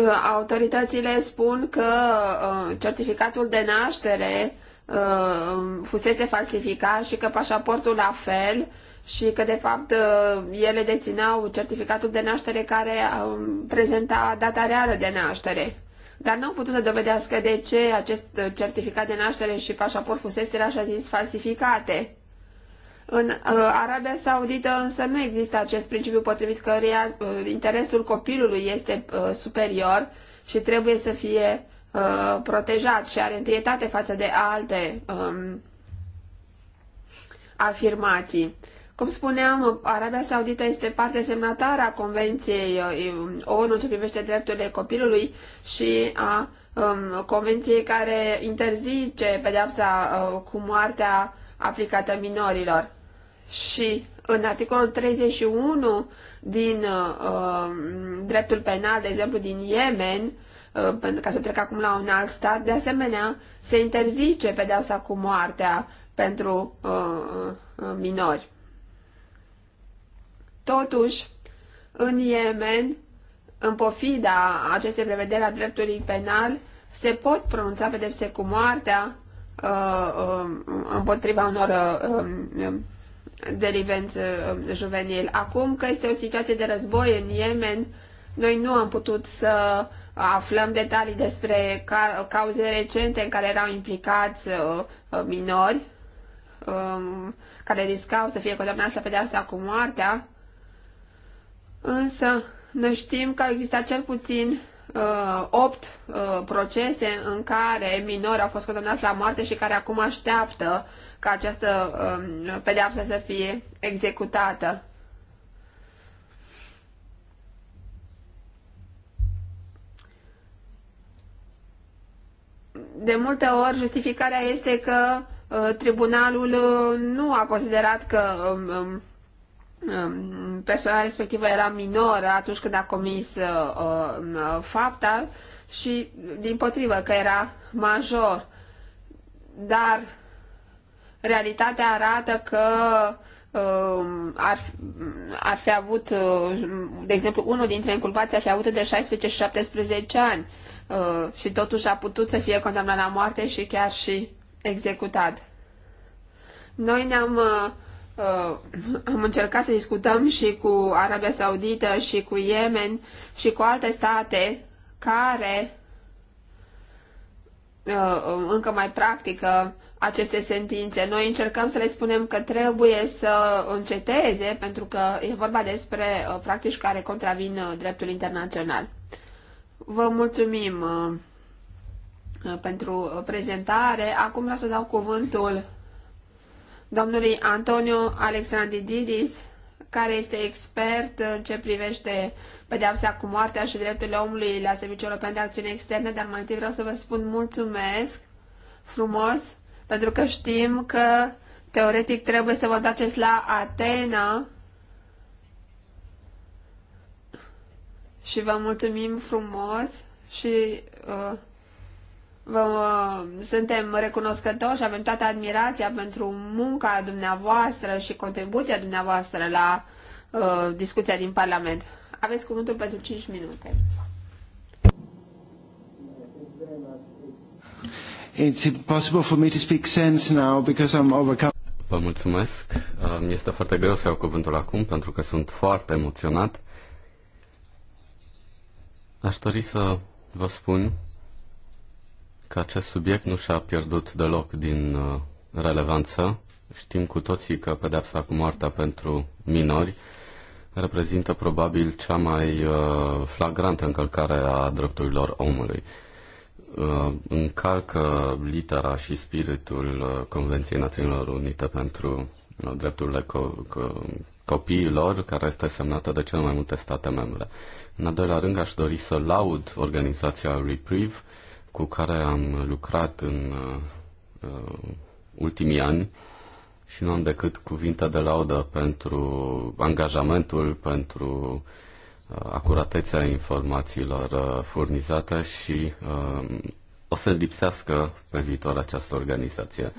uh, autoritățile spun că uh, certificatul de naștere uh, fusese falsificat și că pașaportul la fel, și că, de fapt, uh, ele dețineau certificatul de naștere care um, prezenta data reală de naștere. Dar nu au putut să dovedească de ce acest uh, certificat de naștere și pașaport fusese așa zis falsificate. În uh, Arabia Saudită însă nu există acest principiu potrivit căruia interesul copilului este superior și trebuie să fie protejat și are întâietate față de alte um, afirmații. Cum spuneam, Arabia Saudită este parte semnatară a Convenției uh, ONU ce privește drepturile copilului și a um, Convenției care interzice pedepsa uh, cu moartea aplicată minorilor. Și în articolul 31 din uh, um, dreptul penal, de exemplu din Yemen, uh, pentru ca să trec acum la un alt stat, de asemenea, se interzice pedeapsa cu moartea pentru uh, uh minori. Totuși, în Yemen, în pofida acestei prevederi a dreptului penal, se pot pronunța pedepse cu moartea uh, um, împotriva unor uh, um, delivenți uh, juvenil. Acum că este o situație de război în Yemen, noi nu am putut să aflăm detalii despre ca cauze recente în care erau implicați minori um, care riscau să fie condamnați la pedeapsa cu moartea, însă noi știm că au existat cel puțin uh, opt uh, uh, procese în care minori au fost condamnați la moarte și care acum așteaptă ca această uh, pedeapsă să fie executată. De multe ori, justificarea este că uh, tribunalul uh, nu a considerat că uh, Um, persoana respectivă era minoră atunci când a comis uh, um, fapta și din potrivă că era major. Dar realitatea arată că um, ar, ar fi avut, uh, de exemplu, unul dintre inculpații ar fi avut de 16 17 ani uh, și totuși a putut să fie condamnat la moarte și chiar și executat. Noi ne-am Uh, am încercat să discutăm și cu Arabia Saudită și cu Yemen și cu alte state care uh, încă mai practică aceste sentințe. Noi încercăm să le spunem că trebuie să înceteze pentru că e vorba despre uh, practici care contravin dreptul internațional. Vă mulțumim pentru prezentare. Acum vreau să dau cuvântul domnului Antonio Alexandridis, care este expert în ce privește pedeapsa cu moartea și drepturile omului la Serviciul European de Acțiune Externă, dar mai întâi vreau să vă spun mulțumesc frumos, pentru că știm că teoretic trebuie să vă duceți la Atena și vă mulțumim frumos și uh, Vă, uh, suntem recunoscători și avem toată admirația pentru munca dumneavoastră și contribuția dumneavoastră la uh, discuția din Parlament. Aveți cuvântul pentru 5 minute. It's impossible for me to speak sense now because I'm overcome. Vă mulțumesc. Uh, mi este foarte greu să iau cuvântul acum pentru că sunt foarte emoționat. Aș dori să vă spun că acest subiect nu și-a pierdut deloc din uh, relevanță. Știm cu toții că pedepsa cu moartea pentru minori reprezintă probabil cea mai uh, flagrantă încălcare a drepturilor omului. Uh, încalcă litera și spiritul Convenției Națiunilor Unite pentru drepturile co- co- copiilor, care este semnată de cele mai multe state membre. În al doilea rând, aș dori să laud organizația Reprieve, cu care am lucrat în uh, ultimii ani și nu am decât cuvinte de laudă pentru angajamentul, pentru uh, acuratețea informațiilor uh, furnizate și uh, o să lipsească pe viitor această organizație.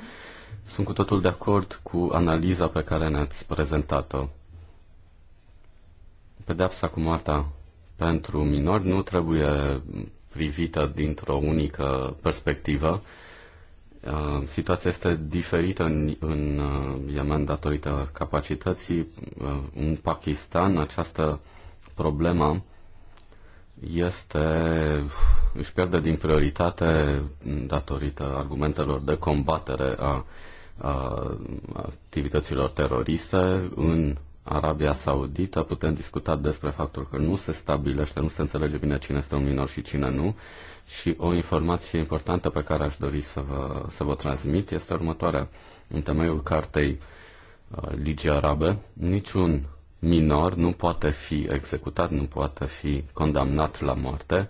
Sunt cu totul de acord cu analiza pe care ne-ați prezentat-o. Pedeapsa cu moartea pentru minori nu trebuie privită dintr-o unică perspectivă. Uh, situația este diferită în, în uh, Yemen datorită capacității. Uh, în Pakistan această problemă este, își pierde din prioritate datorită argumentelor de combatere a, a activităților teroriste. În Arabia Saudită, putem discuta despre faptul că nu se stabilește, nu se înțelege bine cine este un minor și cine nu. Și o informație importantă pe care aș dori să vă, să vă transmit este următoarea. În temeiul cartei uh, Ligii Arabe, niciun minor nu poate fi executat, nu poate fi condamnat la moarte,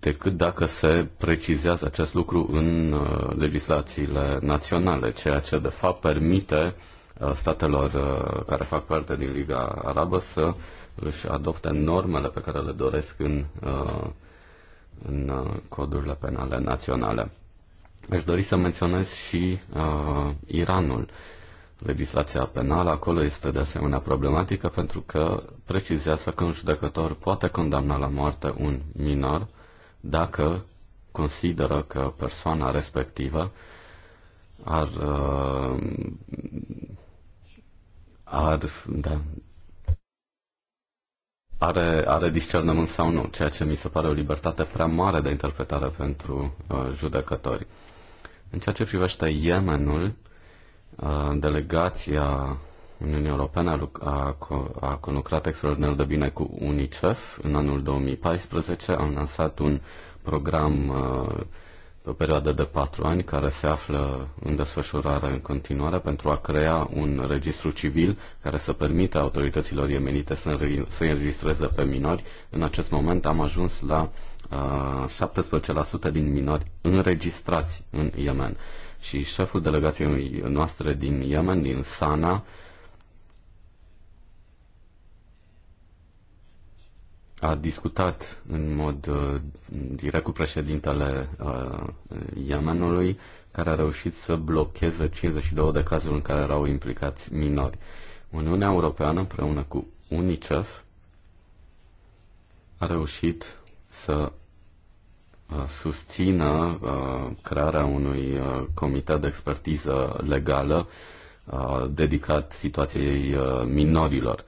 decât dacă se precizează acest lucru în uh, legislațiile naționale, ceea ce de fapt permite uh, Uh, statelor uh, care fac parte din Liga Arabă să își adopte normele pe care le doresc în, uh, în codurile penale naționale. Aș dori să menționez și uh, Iranul. Legislația penală acolo este de asemenea problematică pentru că precizează că un judecător poate condamna la moarte un minor dacă consideră că persoana respectivă ar uh, ar, da, are, are discernământ sau nu, ceea ce mi se pare o libertate prea mare de interpretare pentru uh, judecători. În ceea ce privește Yemenul, uh, delegația Uniunii Europene a, a, a conlucrat extraordinar de bine cu UNICEF în anul 2014, a lansat un program uh, o perioadă de patru ani care se află în desfășurare în continuare pentru a crea un registru civil care să permită autorităților iemenite să, să înregistreze pe minori. În acest moment am ajuns la uh, 17% din minori înregistrați în Yemen. Și șeful delegației noastre din Yemen, din Sana, uh, a discutat în mod uh, direct cu președintele uh, Yemenului, care a reușit să blocheze 52 de cazuri în care erau implicați minori. Uniunea Europeană, împreună cu UNICEF, a reușit să uh, susțină crearea unui comitet de expertiză legală dedicat situației minorilor.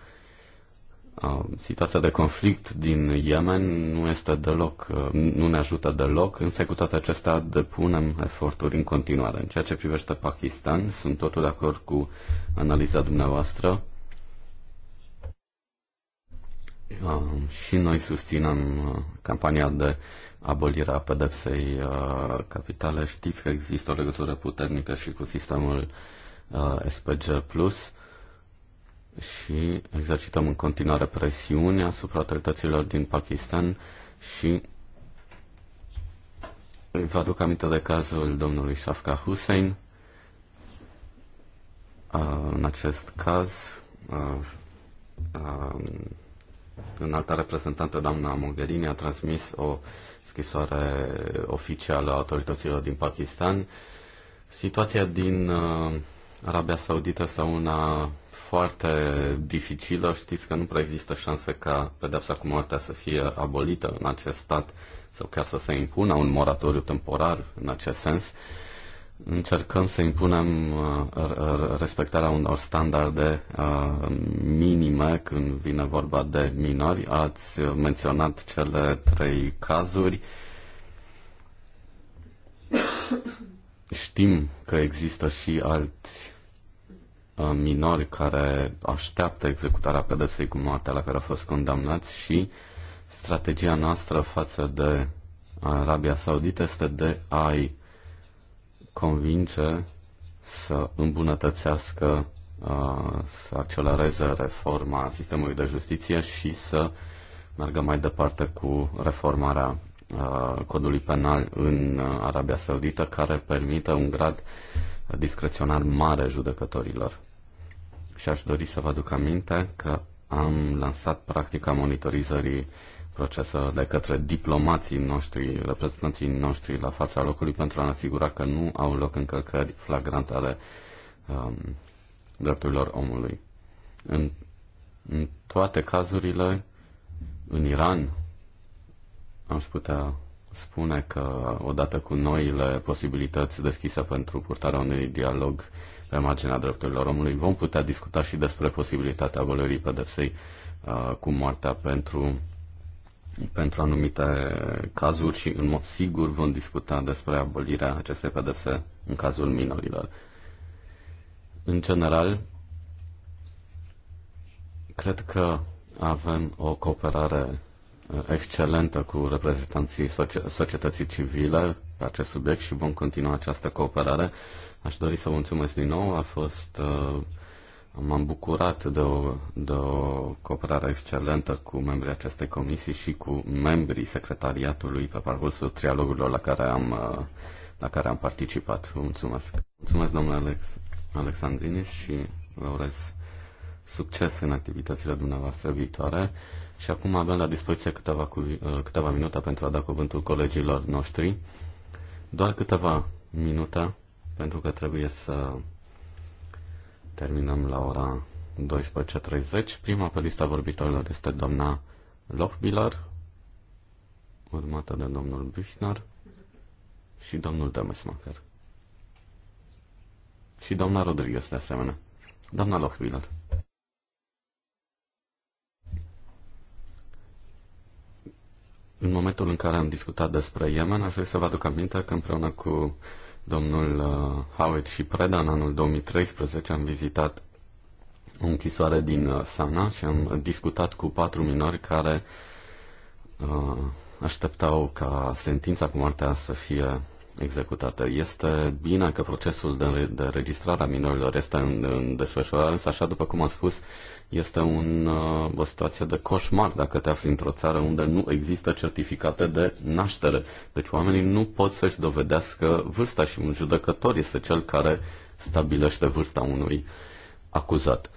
Um, situația de conflict din Yemen nu este deloc, uh, nu ne ajută deloc, însă cu toate acestea depunem eforturi în continuare. În ceea ce privește Pakistan, sunt totul de acord cu analiza dumneavoastră. Um, și noi susținem uh, campania de abolire a pedepsei uh, capitale. Știți că există o legătură puternică și cu sistemul SPG+. Plus și exercităm în continuare presiune asupra autorităților din Pakistan și vă aduc aminte de cazul domnului Shafka Hussein. În acest caz, în alta reprezentantă, doamna Mogherini, a transmis o scrisoare oficială a autorităților din Pakistan. Situația din Arabia Saudită sau una foarte dificilă. Știți că nu prea există șanse ca pedepsa cu moartea să fie abolită în acest stat sau chiar să se impună un moratoriu temporar în acest sens. Încercăm să impunem uh, respectarea unor standarde uh, minime când vine vorba de minori. Ați menționat cele trei cazuri. Știm că există și alți Uh, minori care așteaptă executarea pedepsei cu moartea la care au fost condamnați și strategia noastră față de Arabia Saudită este de a-i convinge să îmbunătățească, uh, să accelereze reforma sistemului de justiție și să meargă mai departe cu reformarea uh, codului penal în Arabia Saudită, care permite un grad discreționar mare judecătorilor și aș dori să vă aduc aminte că am lansat practica monitorizării proceselor de către diplomații noștri, reprezentanții noștri la fața locului pentru a ne asigura că nu au loc încălcări flagrante ale um, drepturilor omului. În, în toate cazurile, în Iran, aș putea spune că odată cu noile posibilități deschise pentru purtarea unui dialog pe marginea drepturilor omului. Vom putea discuta și despre posibilitatea abolirii pedepsei uh, cu moartea pentru pentru anumite cazuri și în mod sigur vom discuta despre abolirea acestei pedepse în cazul minorilor. În general, cred că avem o cooperare uh, excelentă cu reprezentanții societății civile pe acest subiect și vom continua această cooperare. Aș dori să vă mulțumesc din nou, a fost, uh, m-am bucurat de o, de o cooperare excelentă cu membrii acestei comisii și cu membrii secretariatului pe parcursul trialogurilor la care am, uh, la care am participat. Vă mulțumesc. Mulțumesc, domnule Alex, Alexandrinis, și vă urez succes în activitățile dumneavoastră viitoare. Și acum avem la dispoziție câteva, cu, uh, câteva minute pentru a da cuvântul colegilor noștri. Doar câteva minute, pentru că trebuie să terminăm la ora 12.30. Prima pe lista vorbitorilor este doamna Lochbiller, urmată de domnul Büchner și domnul Demesmacher. Și doamna Rodriguez, de asemenea. Doamna Lochbiller. În momentul în care am discutat despre Yemen, aș vrea să vă aduc aminte că împreună cu domnul uh, Howard și Preda în anul 2013 am vizitat o închisoare din uh, Sana și am discutat cu patru minori care uh, așteptau ca sentința cu moartea să fie executată. Este bine că procesul de, înregistrare registrare a minorilor este în, în desfășurare, însă, așa după cum am spus, este un, uh, o situație de coșmar dacă te afli într-o țară unde nu există certificate de naștere. Deci oamenii nu pot să-și dovedească vârsta și un judecător este cel care stabilește vârsta unui acuzat.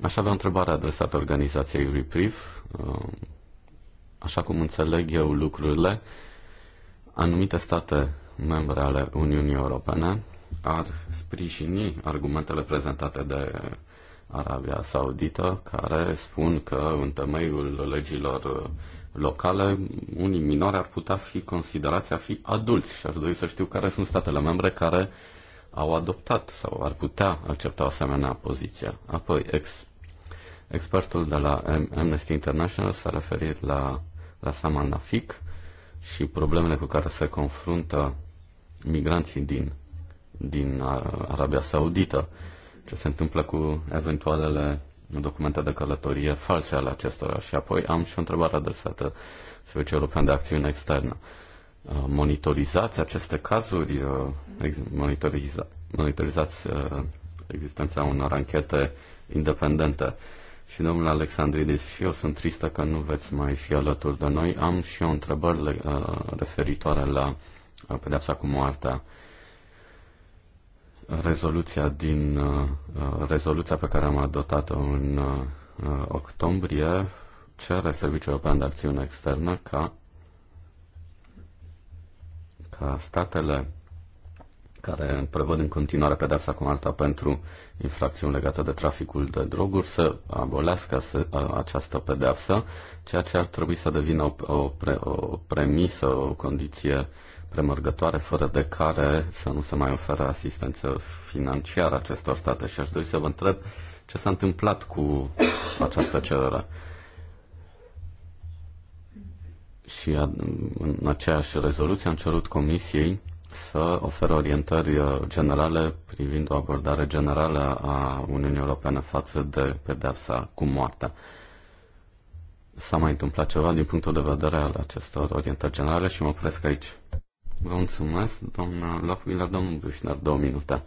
Aș avea o întrebare adresată organizației Reprieve. Uh, așa cum înțeleg eu lucrurile, anumite state membre ale Uniunii Europene ar sprijini argumentele prezentate de Arabia Saudită, care spun că în temeiul legilor locale, unii minori ar putea fi considerați a fi adulți și aș dori să știu care sunt statele membre care au adoptat sau ar putea accepta o asemenea poziție. Apoi, ex, expertul de la Amnesty International s-a referit la, la Saman Nafik și problemele cu care se confruntă migranții din, din uh, Arabia Saudită ce se întâmplă cu eventualele documente de călătorie false ale acestora. Și apoi am și o întrebare adresată Serviciul European de Acțiune Externă. Uh, monitorizați aceste cazuri? Uh, monitoriza, monitorizați uh, existența unor anchete independente? Și domnul Alexandridis, și eu sunt tristă că nu veți mai fi alături de noi. Am și eu întrebări referitoare la pedepsa cu moartea. Uh, rezoluția din uh, rezoluția pe care am adoptat-o în uh, octombrie cere Serviciul European de Acțiune Externă ca, ca statele care prevăd în continuare pedepsa cu alta pentru infracțiuni legate de traficul de droguri să abolească această pedeapsă, ceea ce ar trebui să devină o, o, pre, o premisă, o condiție premergătoare fără de care să nu se mai oferă asistență financiară acestor state. Și aș dori să vă întreb ce s-a întâmplat cu această cerere. Și în aceeași rezoluție am cerut Comisiei să oferă orientări generale privind o abordare generală a Uniunii Europene față de pedepsa cu moartea. S-a mai întâmplat ceva din punctul de vedere al acestor orientări generale și mă opresc aici. Vă mulțumesc, doamna Lafila, domnul Bușnar, două minute.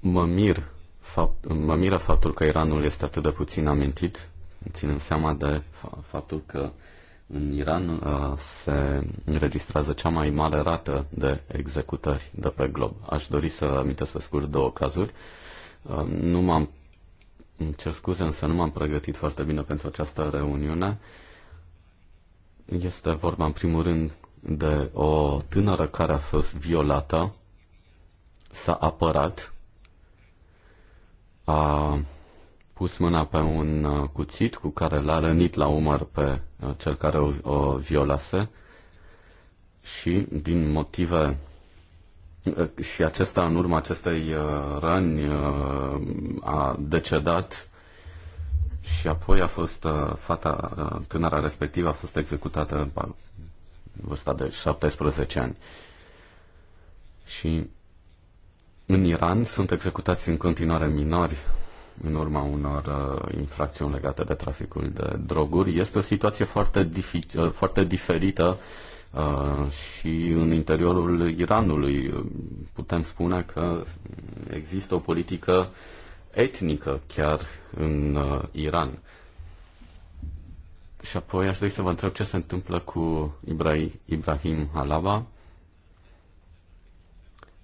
Mă, mir, fapt, mă miră faptul că Iranul este atât de puțin amintit, ținând seama de faptul că în Iran uh, se înregistrează cea mai mare rată de executări de pe glob. Aș dori să amintesc pe scurt două cazuri. Uh, nu m-am cer scuze, însă nu m-am pregătit foarte bine pentru această reuniune. Este vorba, în primul rând, de o tânără care a fost violată, s-a apărat, a pus mâna pe un uh, cuțit cu care l-a rănit la umăr pe uh, cel care o, o violase și din motive uh, și acesta în urma acestei răni a decedat și apoi a fost fata tânăra respectivă a fost executată vârsta de 17 ani. Și în Iran sunt executați în continuare minori în urma unor uh, infracțiuni legate de traficul de droguri. Este o situație foarte, dific- uh, foarte diferită uh, și în interiorul Iranului. Putem spune că există o politică etnică chiar în uh, Iran. Și apoi aș dori să vă întreb ce se întâmplă cu Ibrahim Halava,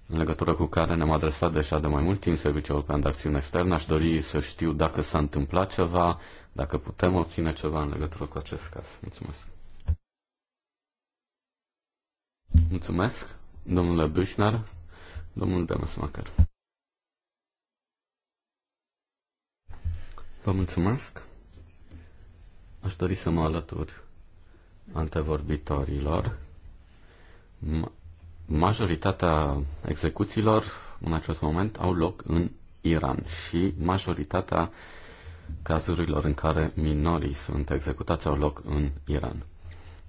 în legătură cu care ne-am adresat deja de mai mult timp Serviciul European de Acțiune Externă. Aș dori să știu dacă s-a întâmplat ceva, dacă putem obține ceva în legătură cu acest caz. Mulțumesc. Mulțumesc, domnule Büchner, domnul Demesmacher. Vă mulțumesc. Aș dori să mă alătur antevorbitorilor. Majoritatea execuțiilor în acest moment au loc în Iran și majoritatea cazurilor în care minorii sunt executați au loc în Iran.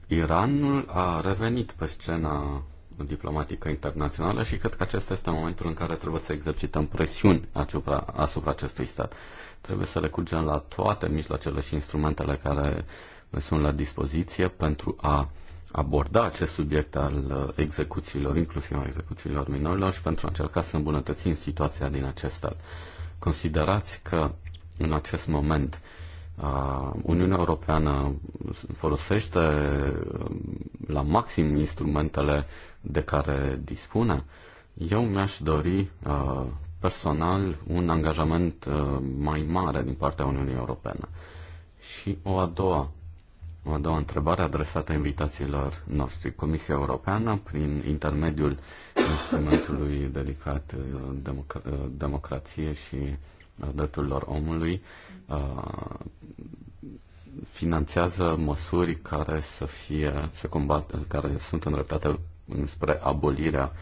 Iranul a revenit pe scena diplomatică internațională și cred că acesta este momentul în care trebuie să exercităm presiuni asupra, asupra acestui stat. Trebuie să recurgem la toate mijloacele și instrumentele care ne sunt la dispoziție pentru a aborda acest subiect al uh, execuțiilor, inclusiv a execuțiilor minorilor și pentru a încerca să îmbunătățim situația din acest stat. Considerați că în acest moment uh, Uniunea Europeană folosește uh, la maxim instrumentele de care dispune, eu mi-aș dori uh, personal un angajament uh, mai mare din partea Uniunii Europene. Și o a doua, o a doua întrebare adresată invitațiilor noștri. Comisia Europeană, prin intermediul instrumentului dedicat uh, democra- democrație și drepturilor omului, finanțează măsuri care să fie, să combat, care sunt îndreptate înspre abolirea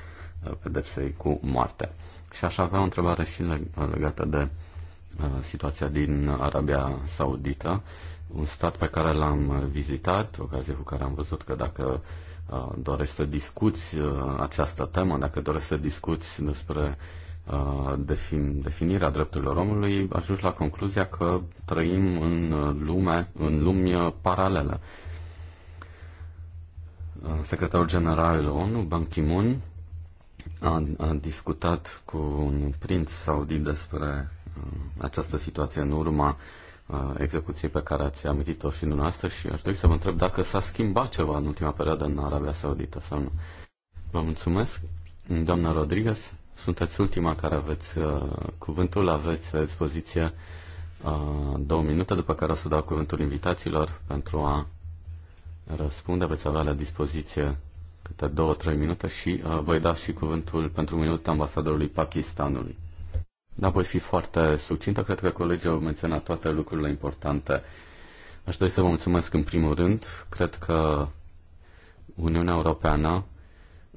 uh, pedepsei cu moarte. Și aș avea o întrebare și legată de uh, situația din Arabia Saudită, un stat pe care l-am vizitat, ocazie cu care am văzut că dacă uh, dorești să discuți această temă, dacă dorești să discuți despre defin, definirea drepturilor omului, ajungi la concluzia că trăim în lume, în lumi paralele. Uh, secretarul general al ONU, Ban Ki-moon, a, a discutat cu un prinț saudit despre uh, această situație în urma uh, execuției pe care ați amintit-o și dumneavoastră și aș dori să vă întreb dacă s-a schimbat ceva în ultima perioadă în Arabia Saudită sau nu. Vă mulțumesc. Doamna Rodriguez, sunteți ultima care aveți uh, cuvântul, aveți la dispoziție uh, două minute, după care o să dau cuvântul invitațiilor pentru a răspunde. Veți avea la dispoziție câte două, trei minute și uh, voi da și cuvântul pentru minut ambasadorului Pakistanului. Dar voi fi foarte succintă, cred că colegii au menționat toate lucrurile importante. Aș dori să vă mulțumesc în primul rând. Cred că Uniunea Europeană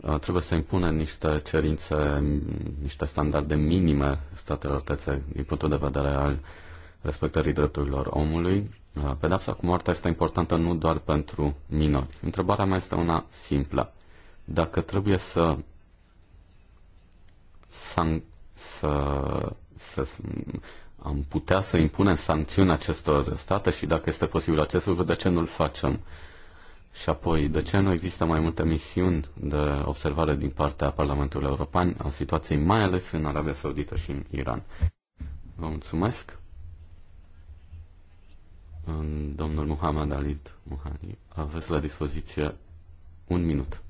uh, trebuie să impună niște cerințe, niște standarde minime statelor tățe din punctul de vedere al respectării drepturilor omului Uh, Pedapsa cu moartea este importantă nu doar pentru minori. Întrebarea mea este una simplă. Dacă trebuie să să, să, să am putea să impunem sancțiuni acestor state și dacă este posibil acest lucru, de ce nu-l facem? Și apoi, de ce nu există mai multe misiuni de observare din partea Parlamentului European a situației, mai ales în Arabia Saudită și în Iran? Vă mulțumesc! domnul Muhammad Alid Muhani. Aveți la dispoziție un minut.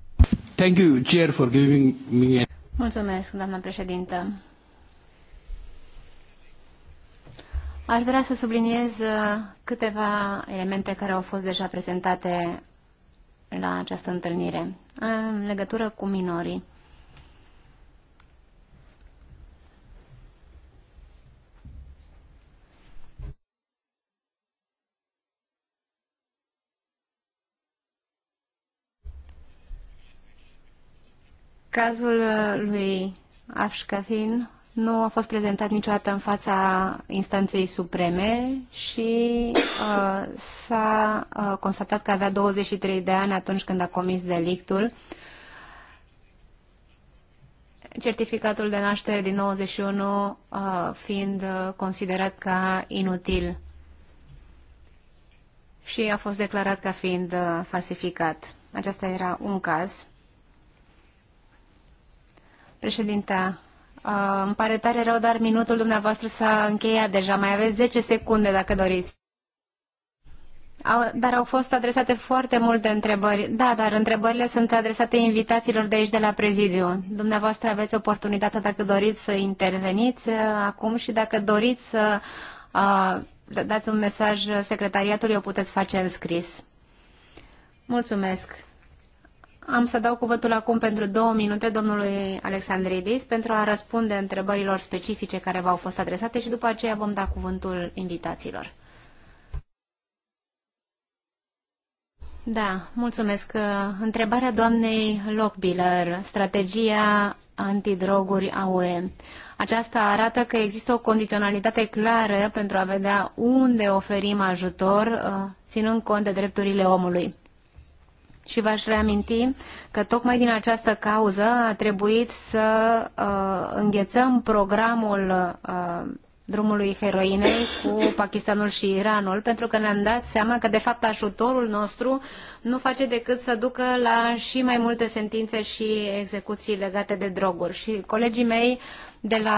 Thank you, Chair, for giving me... Mulțumesc, doamna președintă. Aș vrea să subliniez uh, câteva elemente care au fost deja prezentate la această întâlnire în legătură cu minorii. Cazul uh, lui Afșcafin nu a fost prezentat niciodată în fața instanței supreme și uh, s-a uh, constatat că avea 23 de ani atunci când a comis delictul. Certificatul de naștere din 91 uh, fiind uh, considerat ca inutil și a fost declarat ca fiind uh, falsificat. Acesta era un caz. Președinta, uh, îmi pare tare rău, dar minutul dumneavoastră s-a încheiat deja. Mai aveți 10 secunde dacă doriți. Au, dar au fost adresate foarte multe întrebări. Da, dar întrebările sunt adresate invitațiilor de aici de la prezidiu. Dumneavoastră aveți oportunitatea dacă doriți să interveniți uh, acum și dacă doriți să uh, dați un mesaj secretariatului, o puteți face în scris. Mulțumesc. Am să dau cuvântul acum pentru două minute domnului Alexandridis pentru a răspunde întrebărilor specifice care v-au fost adresate și după aceea vom da cuvântul invitațiilor. Da, mulțumesc. Întrebarea doamnei Lockbiller, strategia antidroguri a UE. Aceasta arată că există o condiționalitate clară pentru a vedea unde oferim ajutor, ținând cont de drepturile omului. Și v-aș reaminti că tocmai din această cauză a trebuit să uh, înghețăm programul uh, drumului heroinei cu Pakistanul și Iranul, pentru că ne-am dat seama că, de fapt, ajutorul nostru nu face decât să ducă la și mai multe sentințe și execuții legate de droguri. Și colegii mei de la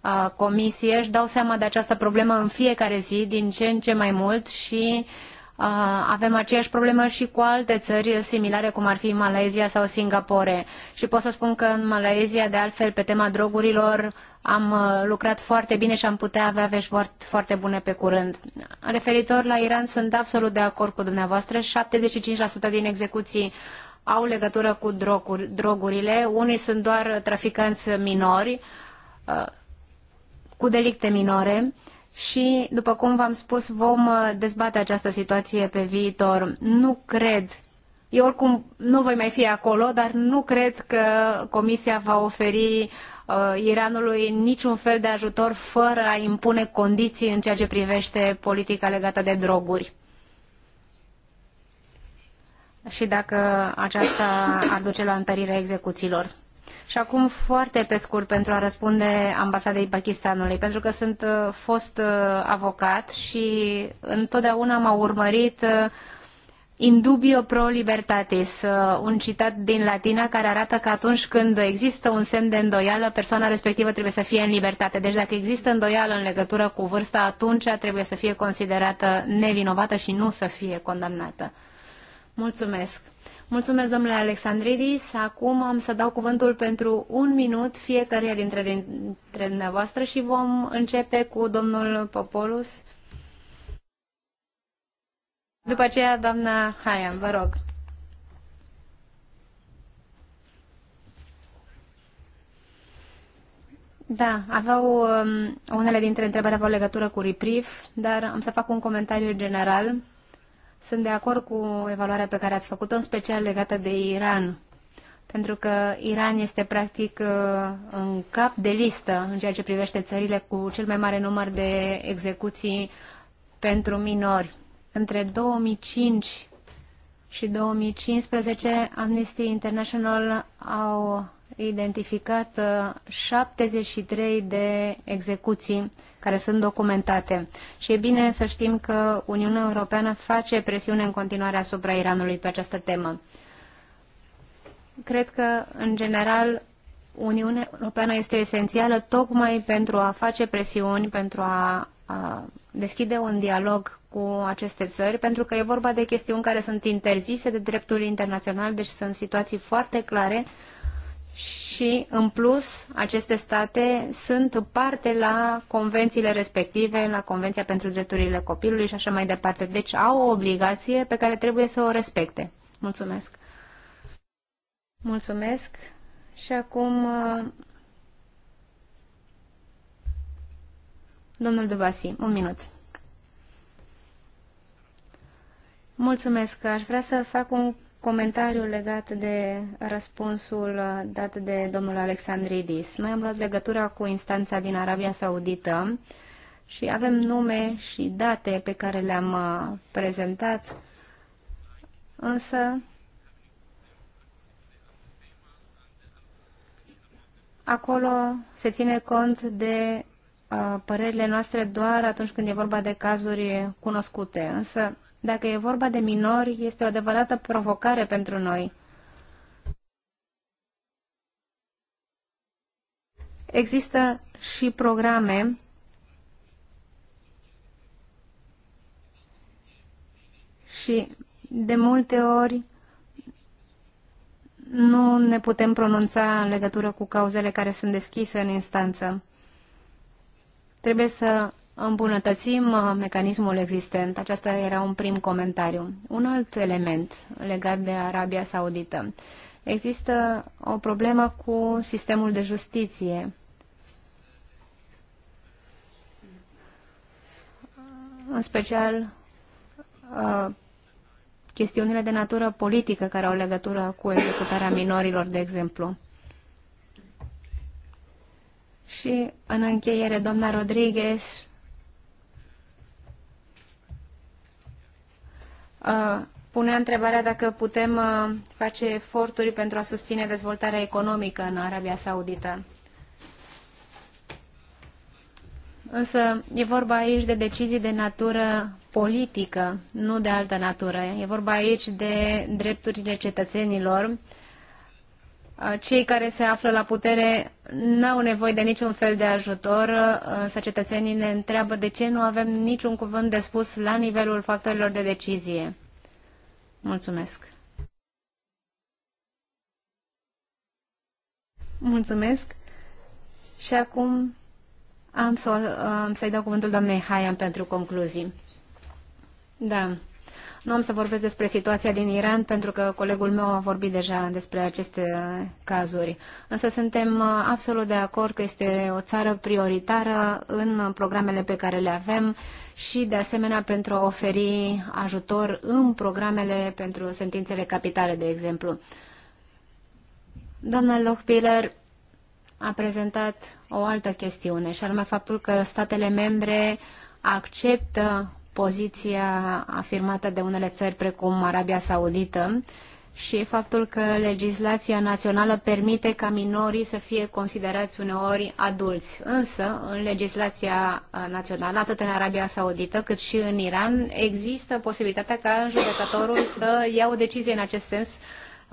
uh, comisie își dau seama de această problemă în fiecare zi, din ce în ce mai mult și uh, avem aceeași problemă și cu alte țări similare, cum ar fi Malezia sau Singapore. Și pot să spun că în Malezia, de altfel, pe tema drogurilor, am uh, lucrat foarte bine și am putea avea vești foarte bune pe curând. Referitor la Iran, sunt absolut de acord cu dumneavoastră. 75% din execuții au legătură cu droguri, drogurile. Unii sunt doar traficanți minori, uh, cu delicte minore și, după cum v-am spus, vom uh, dezbate această situație pe viitor. Nu cred, eu oricum nu voi mai fi acolo, dar nu cred că Comisia va oferi uh, Iranului niciun fel de ajutor fără a impune condiții în ceea ce privește politica legată de droguri. Și dacă aceasta ar duce la întărirea execuțiilor. Și acum foarte pe scurt pentru a răspunde ambasadei Pakistanului, pentru că sunt uh, fost uh, avocat și întotdeauna m-a urmărit uh, Indubio pro libertatis, un citat din latina care arată că atunci când există un semn de îndoială, persoana respectivă trebuie să fie în libertate. Deci dacă există îndoială în legătură cu vârsta, atunci trebuie să fie considerată nevinovată și nu să fie condamnată. Mulțumesc! Mulțumesc, domnule Alexandridis. Acum am să dau cuvântul pentru un minut fiecare dintre, dintre dumneavoastră și vom începe cu domnul Popolus. După aceea, doamna Haia, vă rog. Da, aveau um, unele dintre întrebări aveau legătură cu RIPRIF, dar am să fac un comentariu general sunt de acord cu evaluarea pe care ați făcut-o, în special legată de Iran, pentru că Iran este practic uh, în cap de listă în ceea ce privește țările cu cel mai mare număr de execuții pentru minori. Între 2005 și 2015, Amnesty International au identificat 73 uh, de execuții care sunt documentate. Și e bine să știm că Uniunea Europeană face presiune în continuare asupra Iranului pe această temă. Cred că, în general, Uniunea Europeană este esențială tocmai pentru a face presiuni, pentru a, a deschide un dialog cu aceste țări, pentru că e vorba de chestiuni care sunt interzise de dreptul internațional, deci sunt situații foarte clare și, în plus, aceste state sunt parte la convențiile respective, la Convenția pentru Drepturile Copilului și așa mai departe. Deci au o obligație pe care trebuie să o respecte. Mulțumesc! Mulțumesc! Și acum, uh, domnul Dubasi, un minut. Mulțumesc! Aș vrea să fac un comentariu legat de răspunsul dat de domnul Alexandridis. Noi am luat legătura cu instanța din Arabia Saudită și avem nume și date pe care le-am uh, prezentat, însă acolo se ține cont de uh, părerile noastre doar atunci când e vorba de cazuri cunoscute. Însă dacă e vorba de minori, este o adevărată provocare pentru noi. Există și programe și de multe ori nu ne putem pronunța în legătură cu cauzele care sunt deschise în instanță. Trebuie să îmbunătățim uh, mecanismul existent. Aceasta era un prim comentariu. Un alt element legat de Arabia Saudită. Există o problemă cu sistemul de justiție. În special uh, chestiunile de natură politică care au legătură cu executarea minorilor, de exemplu. Și în încheiere, doamna Rodriguez Uh, pune întrebarea dacă putem uh, face eforturi pentru a susține dezvoltarea economică în Arabia Saudită. Însă e vorba aici de decizii de natură politică, nu de altă natură. E vorba aici de drepturile cetățenilor Uh, cei care se află la putere n-au nevoie de niciun fel de ajutor, uh, însă cetățenii ne întreabă de ce nu avem niciun cuvânt de spus la nivelul factorilor de decizie. Mulțumesc! Mulțumesc! Și acum am să, uh, am să-i dau cuvântul doamnei Haian pentru concluzii. Da. Nu am să vorbesc despre situația din Iran, pentru că colegul meu a vorbit deja despre aceste cazuri. Însă suntem uh, absolut de acord că este o țară prioritară în programele pe care le avem și, de asemenea, pentru a oferi ajutor în programele pentru sentințele capitale, de exemplu. Doamna Lochbiller a prezentat o altă chestiune, și anume faptul că statele membre acceptă poziția afirmată de unele țări precum Arabia Saudită și faptul că legislația națională permite ca minorii să fie considerați uneori adulți. Însă, în legislația națională, atât în Arabia Saudită cât și în Iran, există posibilitatea ca judecătorul să ia o decizie în acest sens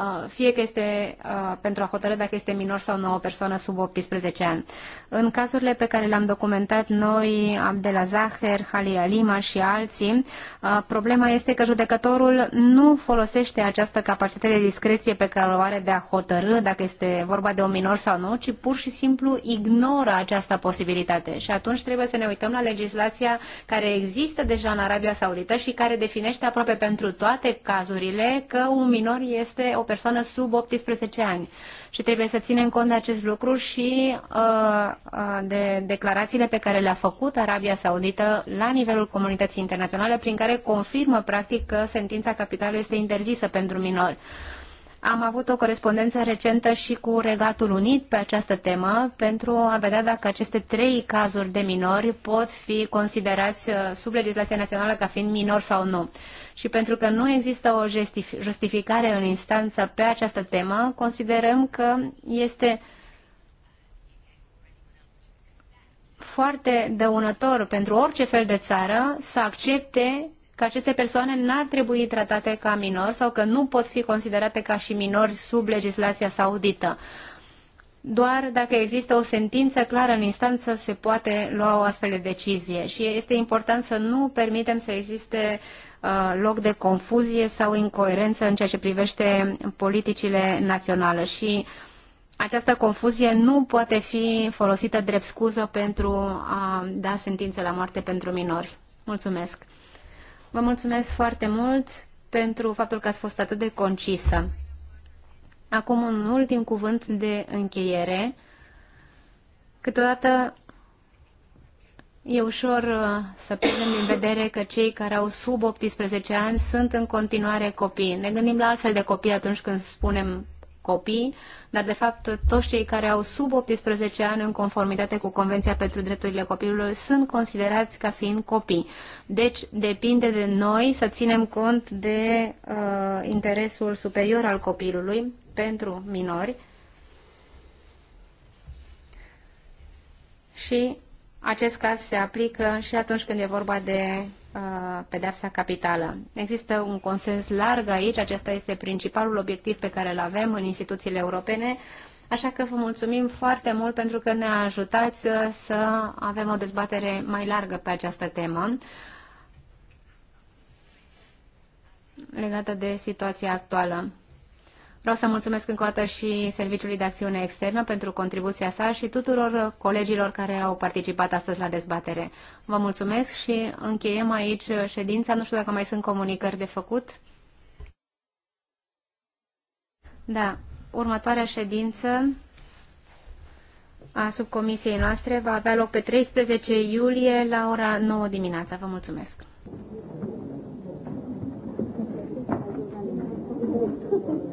Uh, fie că este uh, pentru a hotărâ dacă este minor sau nu o persoană sub 18 ani. În cazurile pe care le-am documentat noi, Abdela Zahar, Halia Lima și alții, uh, problema este că judecătorul nu folosește această capacitate de discreție pe care o are de a hotărâ dacă este vorba de un minor sau nu, ci pur și simplu ignoră această posibilitate. Și atunci trebuie să ne uităm la legislația care există deja în Arabia Saudită și care definește aproape pentru toate cazurile că un minor este o persoană sub 18 ani. Și trebuie să ținem cont de acest lucru și uh, uh, de declarațiile pe care le-a făcut Arabia Saudită la nivelul comunității internaționale, prin care confirmă practic că sentința capitală este interzisă pentru minori. Am avut o corespondență recentă și cu Regatul Unit pe această temă pentru a vedea dacă aceste trei cazuri de minori pot fi considerați uh, sub legislația națională ca fiind minori sau nu. Și pentru că nu există o justificare în instanță pe această temă, considerăm că este foarte dăunător pentru orice fel de țară să accepte că aceste persoane n-ar trebui tratate ca minori sau că nu pot fi considerate ca și minori sub legislația saudită. Doar dacă există o sentință clară în instanță se poate lua o astfel de decizie și este important să nu permitem să existe uh, loc de confuzie sau incoerență în ceea ce privește politicile naționale și această confuzie nu poate fi folosită drept scuză pentru a da sentințe la moarte pentru minori. Mulțumesc. Vă mulțumesc foarte mult pentru faptul că ați fost atât de concisă. Acum un ultim cuvânt de încheiere. Câteodată e ușor uh, să pierdem din vedere că cei care au sub 18 ani sunt în continuare copii. Ne gândim la altfel de copii atunci când spunem copii, dar de fapt toți cei care au sub 18 ani în conformitate cu Convenția pentru Drepturile Copilului sunt considerați ca fiind copii. Deci depinde de noi să ținem cont de uh, interesul superior al copilului pentru minori și acest caz se aplică și atunci când e vorba de Uh, pedeapsa capitală. Există un consens larg aici, acesta este principalul obiectiv pe care îl avem în instituțiile europene, așa că vă mulțumim foarte mult pentru că ne ajutați uh, să avem o dezbatere mai largă pe această temă legată de situația actuală. Vreau să mulțumesc încă o dată și Serviciului de Acțiune Externă pentru contribuția sa și tuturor colegilor care au participat astăzi la dezbatere. Vă mulțumesc și încheiem aici ședința. Nu știu dacă mai sunt comunicări de făcut. Da, următoarea ședință a subcomisiei noastre va avea loc pe 13 iulie la ora 9 dimineața. Vă mulțumesc!